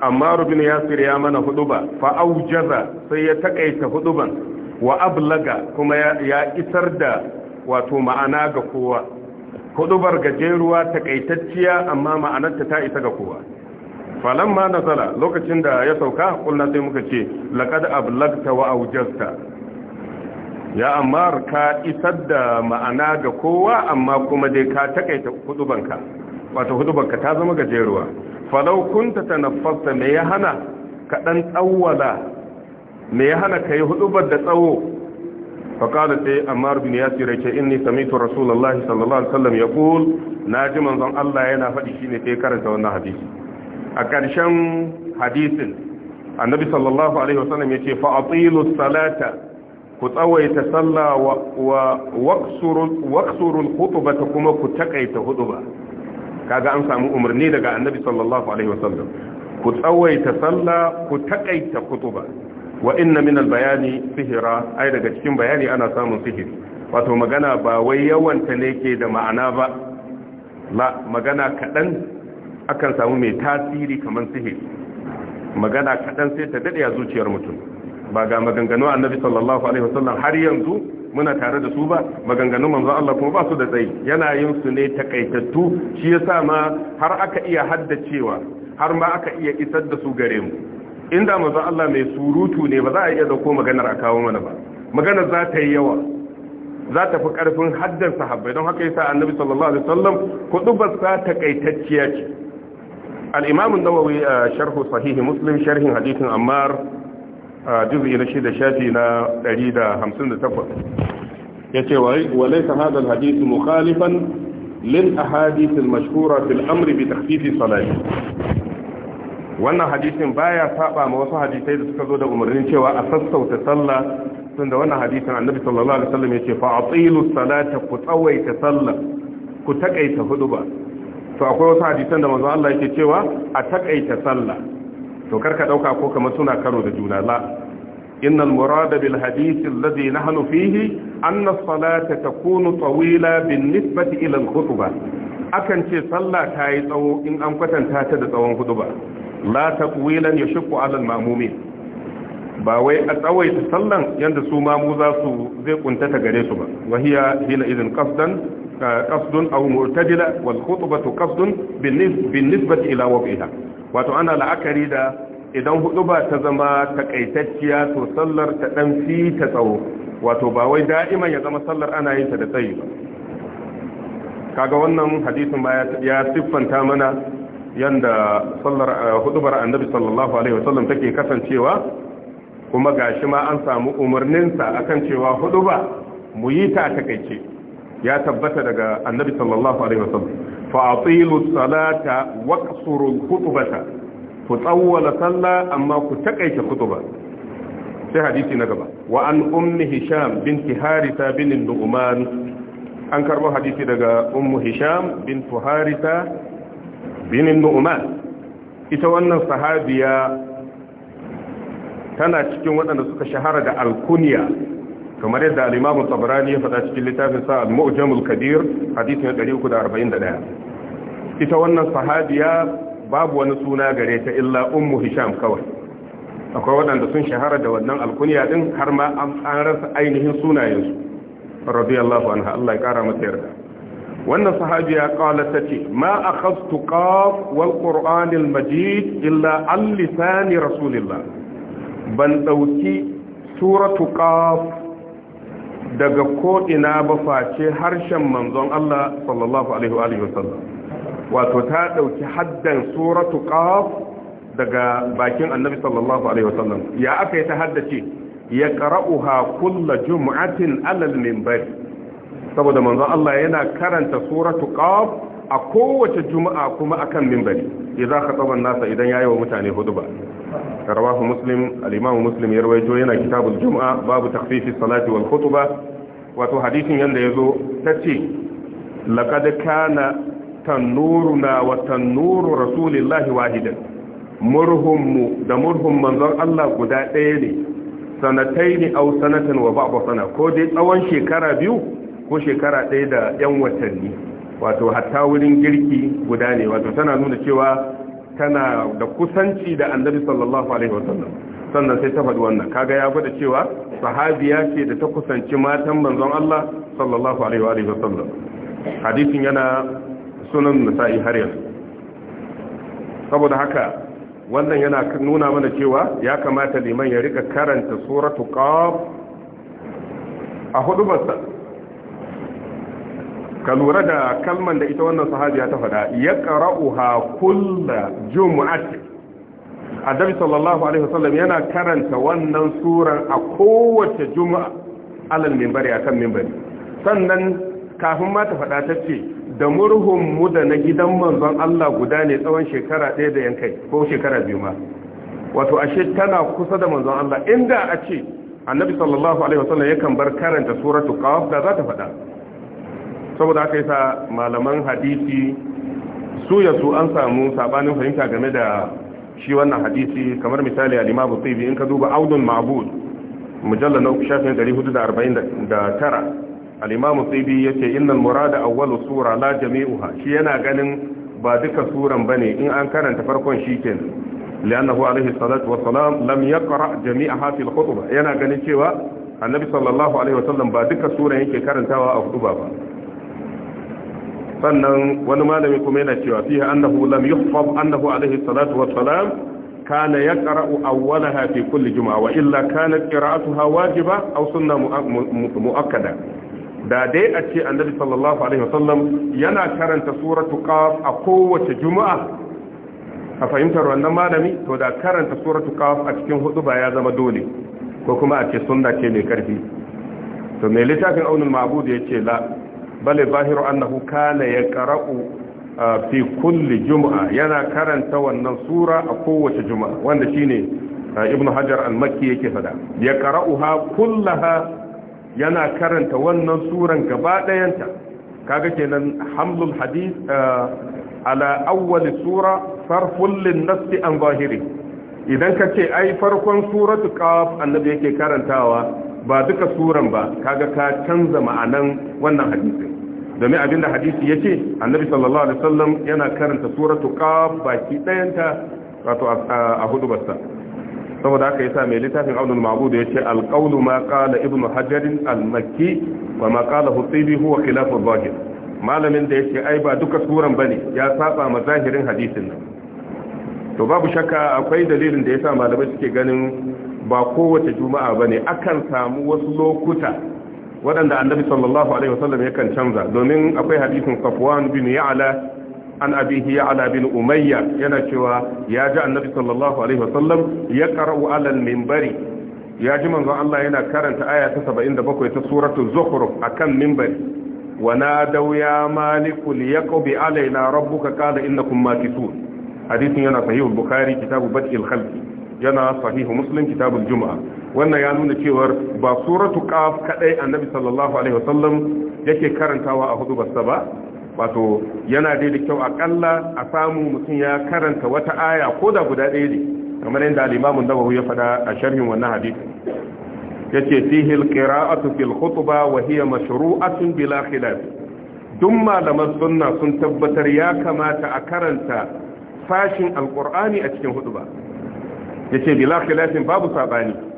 ammaru bin yasir ya mana hudu ba fa'aujaza sai ya takaita hudu ban wa ablaga kuma ya isar da wato ma'ana ga kowa bar gajeruwa takaitacciya amma ma'anarta ta isa ga kowa falamma nazala lokacin da ya sauka kullu sai muka ce laqad ablagta wa aujasta ya ammar ka isar da ma'ana ga kowa amma kuma dai ka takaita hudubanka wata hudubanka ta zama gajeruwa falau kunta tanaffasta me ya hana ka dan tsawwala me ya hana kai hudubar da tsawo فقال سي أمار بن ياسر إني سميت رسول الله صلى ya عليه Na ji manzon Allah yana faɗi shi ne sai karanta wannan حديث a ƙarshen hadisin annabi sallallahu alaihi wasallam ya ce fa'atilu salata ku tsawaita sallah wa ba ta kuma ku taƙaita takaita huduba kaga an samu umarni daga annabi sallallahu alaihi wasallam ku tsawaita sallah ku taƙaita takaita ba. wa inna min bayani sihira ai daga cikin bayani ana samun sihiri wato magana ba wai yawanta ne ke da ma'ana ba la magana kaɗan. akan samu mai tasiri kamar sihir magana kaɗan sai ta daɗe a zuciyar mutum ba ga maganganu annabi sallallahu alaihi wasallam har yanzu muna tare da su ba maganganun manzo Allah kuma ba su da tsayi yana yin su ne takaitattu shi yasa ma har aka iya haddacewa har ma aka iya isar da su gare mu inda manzo Allah mai surutu ne ba za a iya dauko maganar a kawo mana ba maganar za ta yi yawa za ta fi karfin haddan sahabbai don haka yasa annabi sallallahu alaihi wasallam kudubar sa takaitacciya ce al'imamun nawawi a sharhu sahihi muslim sharhin hadisin ammar a juzi na shida shafi na 158 ya ce wa laisa hada alhadisi mukhalifan lil ahadith almashhura fil amri bi takhfifi salati wannan hadisin baya saba ma wasu hadisai da suka zo da umarnin cewa a sassauta sallah tunda wannan hadisin annabi sallallahu alaihi wasallam yace fa atilu salata ku tsawaita sallah ku takaita huduba to akwai wasu hadisan da manzo Allah yake cewa a takaita sallah to karka dauka ko kamar suna karo da juna la innal murada bil hadith alladhi nahnu fihi anna as-salata takunu tawila bin nisbati ila al-khutbah akan ce sallah ta yi tsawo in an kwatanta ta da tsawon khutba la taqwilan yashqu ala al-ma'mumin ba wai a tsawaita sallan yanda su mamu za su zai kuntata gare su ba wahiya hina idin qasdan qasdun aw mu'tadila wal khutbatu qasdun bin nisbati wato ana la'akari da idan huduba ta zama takaitacciya to sallar ta dan fi ta tsawo wato ba wai da'iman ya zama sallar ana yin ta da tsayi ba kaga wannan hadisin ba ya siffanta mana yanda sallar hudubar annabi sallallahu alaihi wasallam take kasancewa kuma gashi ma an samu umarninsa akan cewa huduba mu yi ta takaice ya tabbata daga annabi sallallahu alaihi wasallam fa atilu salata wa qasuru khutbata ku tsawwala salla amma ku takaita khutba sai hadisi na gaba wa an ummi hisham binti harisa bin nu'man an karbo hadisi daga ummu hisham Bintu harisa bin nu'man ita wannan sahabiya tana cikin waɗanda suka shahara da alkuniya kamar yadda al-Imam Tabarani ya faɗa cikin littafin sa al-Mu'jamul Kabir hadisi na 341 ita wannan sahabiya babu wani suna gare ta illa Ummu Hisham kawai akwai waɗanda sun shahara da wannan alkunya din har ma an rasa ainihin sunayensu radiyallahu anha Allah ya kara mata yarda wannan sahabiya qalat tace ma akhadtu qaf wal qur'an al majid illa al lisan rasulillah ban dauki suratu qaf daga ko'ina ba face harshen manzon Allah sallallahu Alaihi wasallam wato ta ɗauki haddan suratu ƙaf daga bakin annabi sallallahu Alaihi wasallam ya aka yi ta haddace ya ƙara'uha kulla jum'atin alal mimbari saboda manzon Allah yana karanta suratu ƙaf a kowace juma'a kuma akan mimbari ka khataba nasa idan ya yi wa mutane huduba rawahu muslim alimamu muslim ya rawaito yana kitabul juma'a babu takfifi salati wal ba. wato hadisin yanda ta ce laqad kana tanuruna wa tanuru rasulillahi wahidan murhummu da murhum manzon Allah guda ɗaya ne Sanatai ne au sanatan wa ba'd sana ko dai tsawon shekara biyu ko shekara ɗaya da yan watanni wato hatta wurin girki guda ne wato tana nuna cewa tana da kusanci da annabi sallallahu alaihi wasallam sannan sai ta faɗi wannan kaga ya gwada cewa sahabiya ce da ta kusanci matan manzon Allah sallallahu alaihi wasallam hadisin yana sunan nasa'i har yanzu saboda haka wannan yana nuna mana cewa ya kamata liman ya rika karanta suratu qaf a hudubarsa ka lura da kalman da ita wannan sahabiya ta faɗa ya ƙara'uha kulla jumu'ati annabi sallallahu alaihi wasallam yana karanta wannan suran a kowace juma'a alal a kan minbari sannan kafin ma ta faɗa ta ce da murhunmu da na gidan manzon Allah guda ne tsawon shekara ɗaya da yankai ko shekara biyu ma wato ashe tana kusa da manzon Allah inda a ce annabi sallallahu alaihi wasallam yakan bar karanta suratu qaf da za ta faɗa saboda aka yi sa malaman hadisi su ya su an samu sabanin fahimta game da shi wannan hadisi kamar misali al tsibi in ka duba audun ma'bud mujalla na shafin 449 al-imamu tsibi ya ce innan murada awwalu sura la jami'uha shi yana ganin ba duka suran ba ne in an karanta farkon shi kenan li'annahu alaihi salatu wa salam lam yaqra jami'aha fil khutbah yana ganin cewa annabi sallallahu alaihi wa ba duka suran yake karantawa a khutba ba sannan wani malami kuma yana cewa fihi annahu lam yuhfaz annahu alaihi salatu wassalam kana yaqra'u awwalaha fi kulli juma'a wa illa kanat qira'atuha wajiba aw sunna muakkada da dai a ce annabi sallallahu alaihi wasallam yana karanta suratu qaf a kowace juma'a a fahimtar wannan malami to da karanta suratu qaf a cikin hudu ba ya zama dole ko kuma a ce sunna ce mai karfi to mai littafin aunul ma'bud yace la bale zahiru annahu kana yaqra'u uh, fi kulli Juma'a yana karanta wannan sura a kowace juma'a wanda shine uh, ibnu hajar al-makki yake fada yaqra'uha kullaha yana karanta wannan suran gaba dayanta kaga kenan hamlul hadith uh, ala sura farful lin-nass an zahiri idan kace ai farkon suratu qaf annabi yake karantawa ba duka suran ba kaga ka canza ma'anan wannan hadisin domin abinda hadisi ya ce annabi sallallahu alaihi sallam yana karanta suratu qaf baki dayanta wato a hudu basta saboda haka yasa mai littafin abdul ma'bud ya ce alqawlu ma qala ibnu hajar al-makki wa ma qala hutibi huwa khilaf adh-dhahir malamin da yake ai ba duka suran bane ya saba ma zahirin hadisin nan to babu shakka akwai dalilin da yasa malamai suke ganin ba kowace juma'a bane akan samu wasu lokuta waɗanda annabi sallallahu alaihi wasallam yakan canza domin akwai hadisin safwan bin ya'la an abihi ya'la bin umayya yana cewa ya ji annabi sallallahu alaihi wasallam ya qara'u alal minbari ya ji manzo Allah yana karanta aya ta 77 ta suratul zukhruf akan minbari wa nadaw ya maliku liyaqbi alaina rabbuka qala innakum makithun hadisin yana sahihul bukhari kitabu bad'il khalqi yana sahihu muslim kitabul jumu'ah wannan ya nuna cewar ba suratu qaf kadai annabi sallallahu alaihi wasallam yake karantawa a hudu basta ba wato yana dai da kyau akalla a samu mutum ya karanta wata aya ko da guda ɗaya ne kamar yadda al-Imam nawawi ya faɗa a sharhin wannan hadisi yace fihi al-qira'atu fil khutbah wa hiya mashru'atun bila khilaf duk malaman sunna sun tabbatar ya kamata a karanta sashin al-Qur'ani a cikin khutba yace bila khilafin babu sabani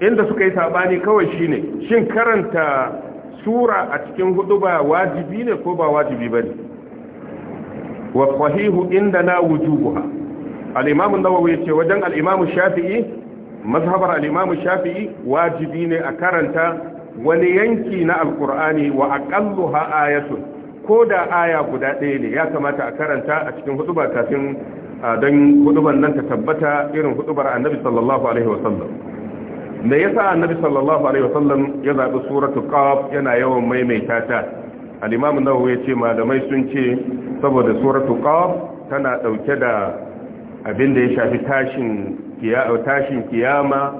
inda suka yi sabani kawai shine shin karanta sura a cikin hudu ba wajibi ne ko ba wajibi ba ne wa fahihu inda na al al'imamu an-nawawi ce wajen al'imamu shafi'i mazhabar al'imamu shafi'i wajibi ne a karanta wani yanki na wa aƙallu wa ayatu ko da aya guda ɗaya ne ya kamata a karanta a cikin hudu ba kafin don hudubar nan ta tabbata irin hudubar annabi sallallahu alaihi wasallam me yasa annabi sallallahu alaihi wasallam ya zabi suratul qaf yana yawan maimaita ta al-imam an-nawawi ce malamai sun ce saboda suratul qaf tana dauke da abin da ya shafi tashin tashin kiyama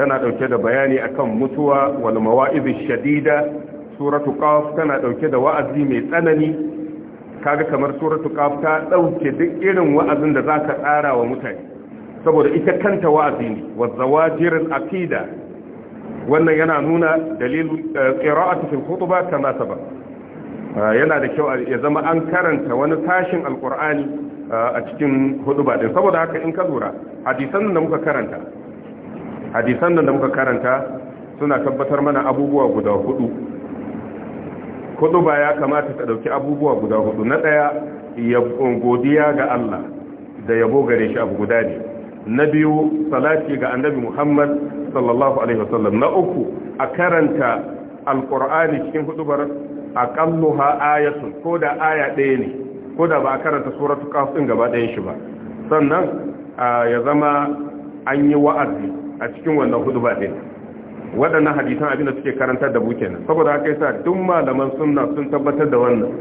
tana dauke da bayani akan mutuwa wal mawa'iz shadida suratul qaf tana dauke da wa'azi mai tsanani kaga kamar suratul qaf ta dauke duk irin wa'azin da zaka tsara wa mutane saboda ita kanta wa'azi ne wa zawajirul aqida wannan yana nuna dalilin eh, qira'atu fil khutba kama sabab eh, yana da kyau ya zama an karanta wani tashin alkur'ani eh, a cikin huduba din saboda haka in ka lura, hadisan da muka karanta hadisan da muka karanta suna tabbatar mana abubuwa guda hudu huduba ya kamata ta dauki abubuwa guda hudu na daya godiya ga Allah da yabo gare shi abu guda ne na biyu salati ga annabi muhammad sallallahu alaihi wasallam na uku a karanta alkur'ani cikin hudubar aqalluha ayatun ko da aya ɗaya ne ko da ba a karanta suratul qaf din gaba ɗayan shi ba sannan ya zama an yi wa'azi a cikin wannan hudubar din waɗannan hadisan abin da suke karantar da buke nan saboda haka yasa duk malaman sunna sun tabbatar da wannan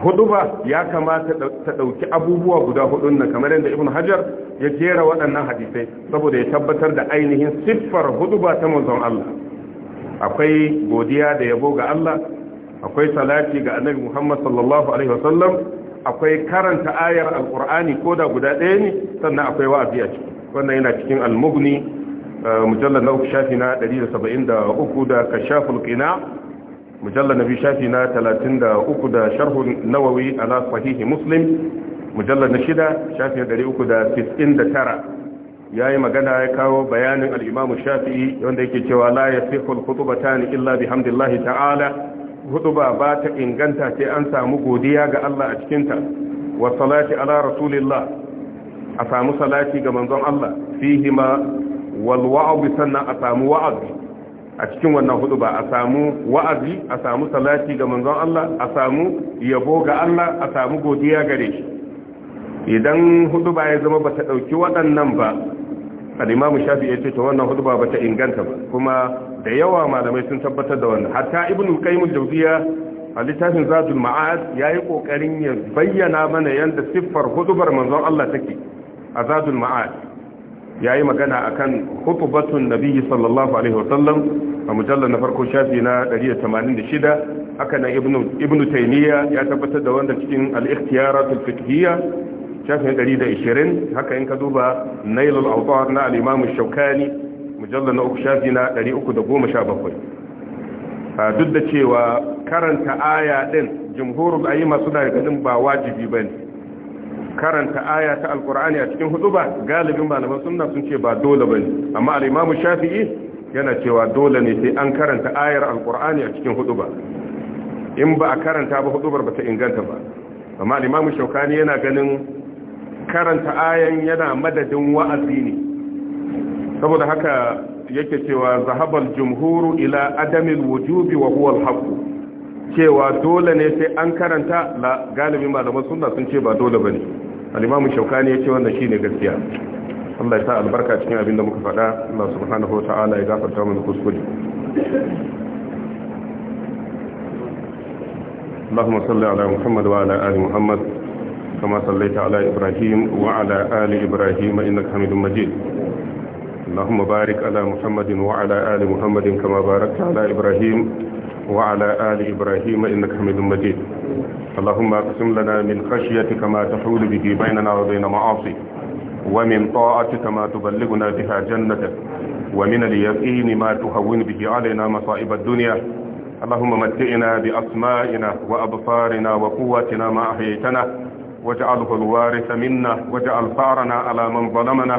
hudu ba ya kamata ta ɗauki abubuwa guda hudun na kamar yadda ibn hajar ya jera waɗannan hadisai saboda ya tabbatar da ainihin siffar hudu ba ta manzon Allah akwai godiya da yabo ga Allah akwai salati ga annabi Muhammad sallallahu alaihi wasallam akwai karanta ayar alqur'ani koda guda ɗaya ne sannan akwai wa'azi a ciki wannan yana cikin al-mughni eh, mujallal na shafi na 173 da kashaful qina mujallar nabi shafi na 33 da sharhun nawawi ala sahihi muslim mujallar na shida shafi na 399 ya yi magana ya kawo bayanin al'imamu shafi wanda yake cewa la ya fi ta ni illa bi ta'ala hutuba ba ta inganta sai an samu godiya ga Allah a cikinta wa salati ala rasulillah a samu salati ga manzon Allah fihima wal wa'abi sannan a samu wa'abi a cikin wannan hudu ba a samu wa'azi a samu salati ga manzon Allah a samu yabo ga Allah a samu godiya gare shi idan hudu ba ya zama ba ta ɗauki waɗannan ba mu shafi ya ce ta wannan hudu ba ta inganta ba kuma da yawa malamai sun tabbatar da wannan hatta ibn qayyim jawziya a littafin zadul ma'ad yi kokarin ya bayyana mana yadda siffar hudubar manzon Allah take a zadul ma'ad Ya yi magana a akan hutubatun nabiyyi sallallahu alaihi wasallam a mujallar na farko shafi na 186 haka nan ibnu ibnu taymiya ya tabbatar da wanda cikin al-ikhtiyaratul fiqhiyya shafi 120 haka in ka duba nailul awtar na al shaukani mujallar na uku shafi na 317 duk da cewa karanta aya din jumhurul ayyima suna da gadin ba wajibi bane karanta aya ta alkur'ani a cikin hudu ba galibin malaman sunna sun ce ba dole bane amma al shafi'i yana cewa dole ne sai an karanta ayar alkur'ani a cikin hudu ba in ba a karanta ba hudubar ba ta inganta ba amma al shaukani yana ganin karanta ayan yana madadin wa'azi ne saboda haka yake cewa zahabal jumhuru ila adamil wujubi wa huwa al-haqq cewa dole ne sai an karanta la galibin malaman sunna sun ce ba dole bane al-imamu shaukani ya ce wannan shine gaskiya Allah ya sa albarka cikin abin da muka faɗa Allah subhanahu wa ya gafarta mana kuskure اللهم صل wa محمد وعلى آل محمد كما صليت على إبراهيم وعلى Ali Ibrahim إنك حميد مجيد اللهم بارك على محمد وعلى آل محمد كما باركت على إبراهيم وعلى آل إبراهيم إنك حميد مجيد اللهم اقسم لنا من خشيتك ما تحول به بيننا وبين معاصيك ومن طاعتك ما تبلغنا بها جنتك ومن اليقين ما تهون به علينا مصائب الدنيا اللهم متئنا بأسمائنا وأبصارنا وقواتنا ما أحييتنا واجعله الوارث منا واجعل ثارنا على من ظلمنا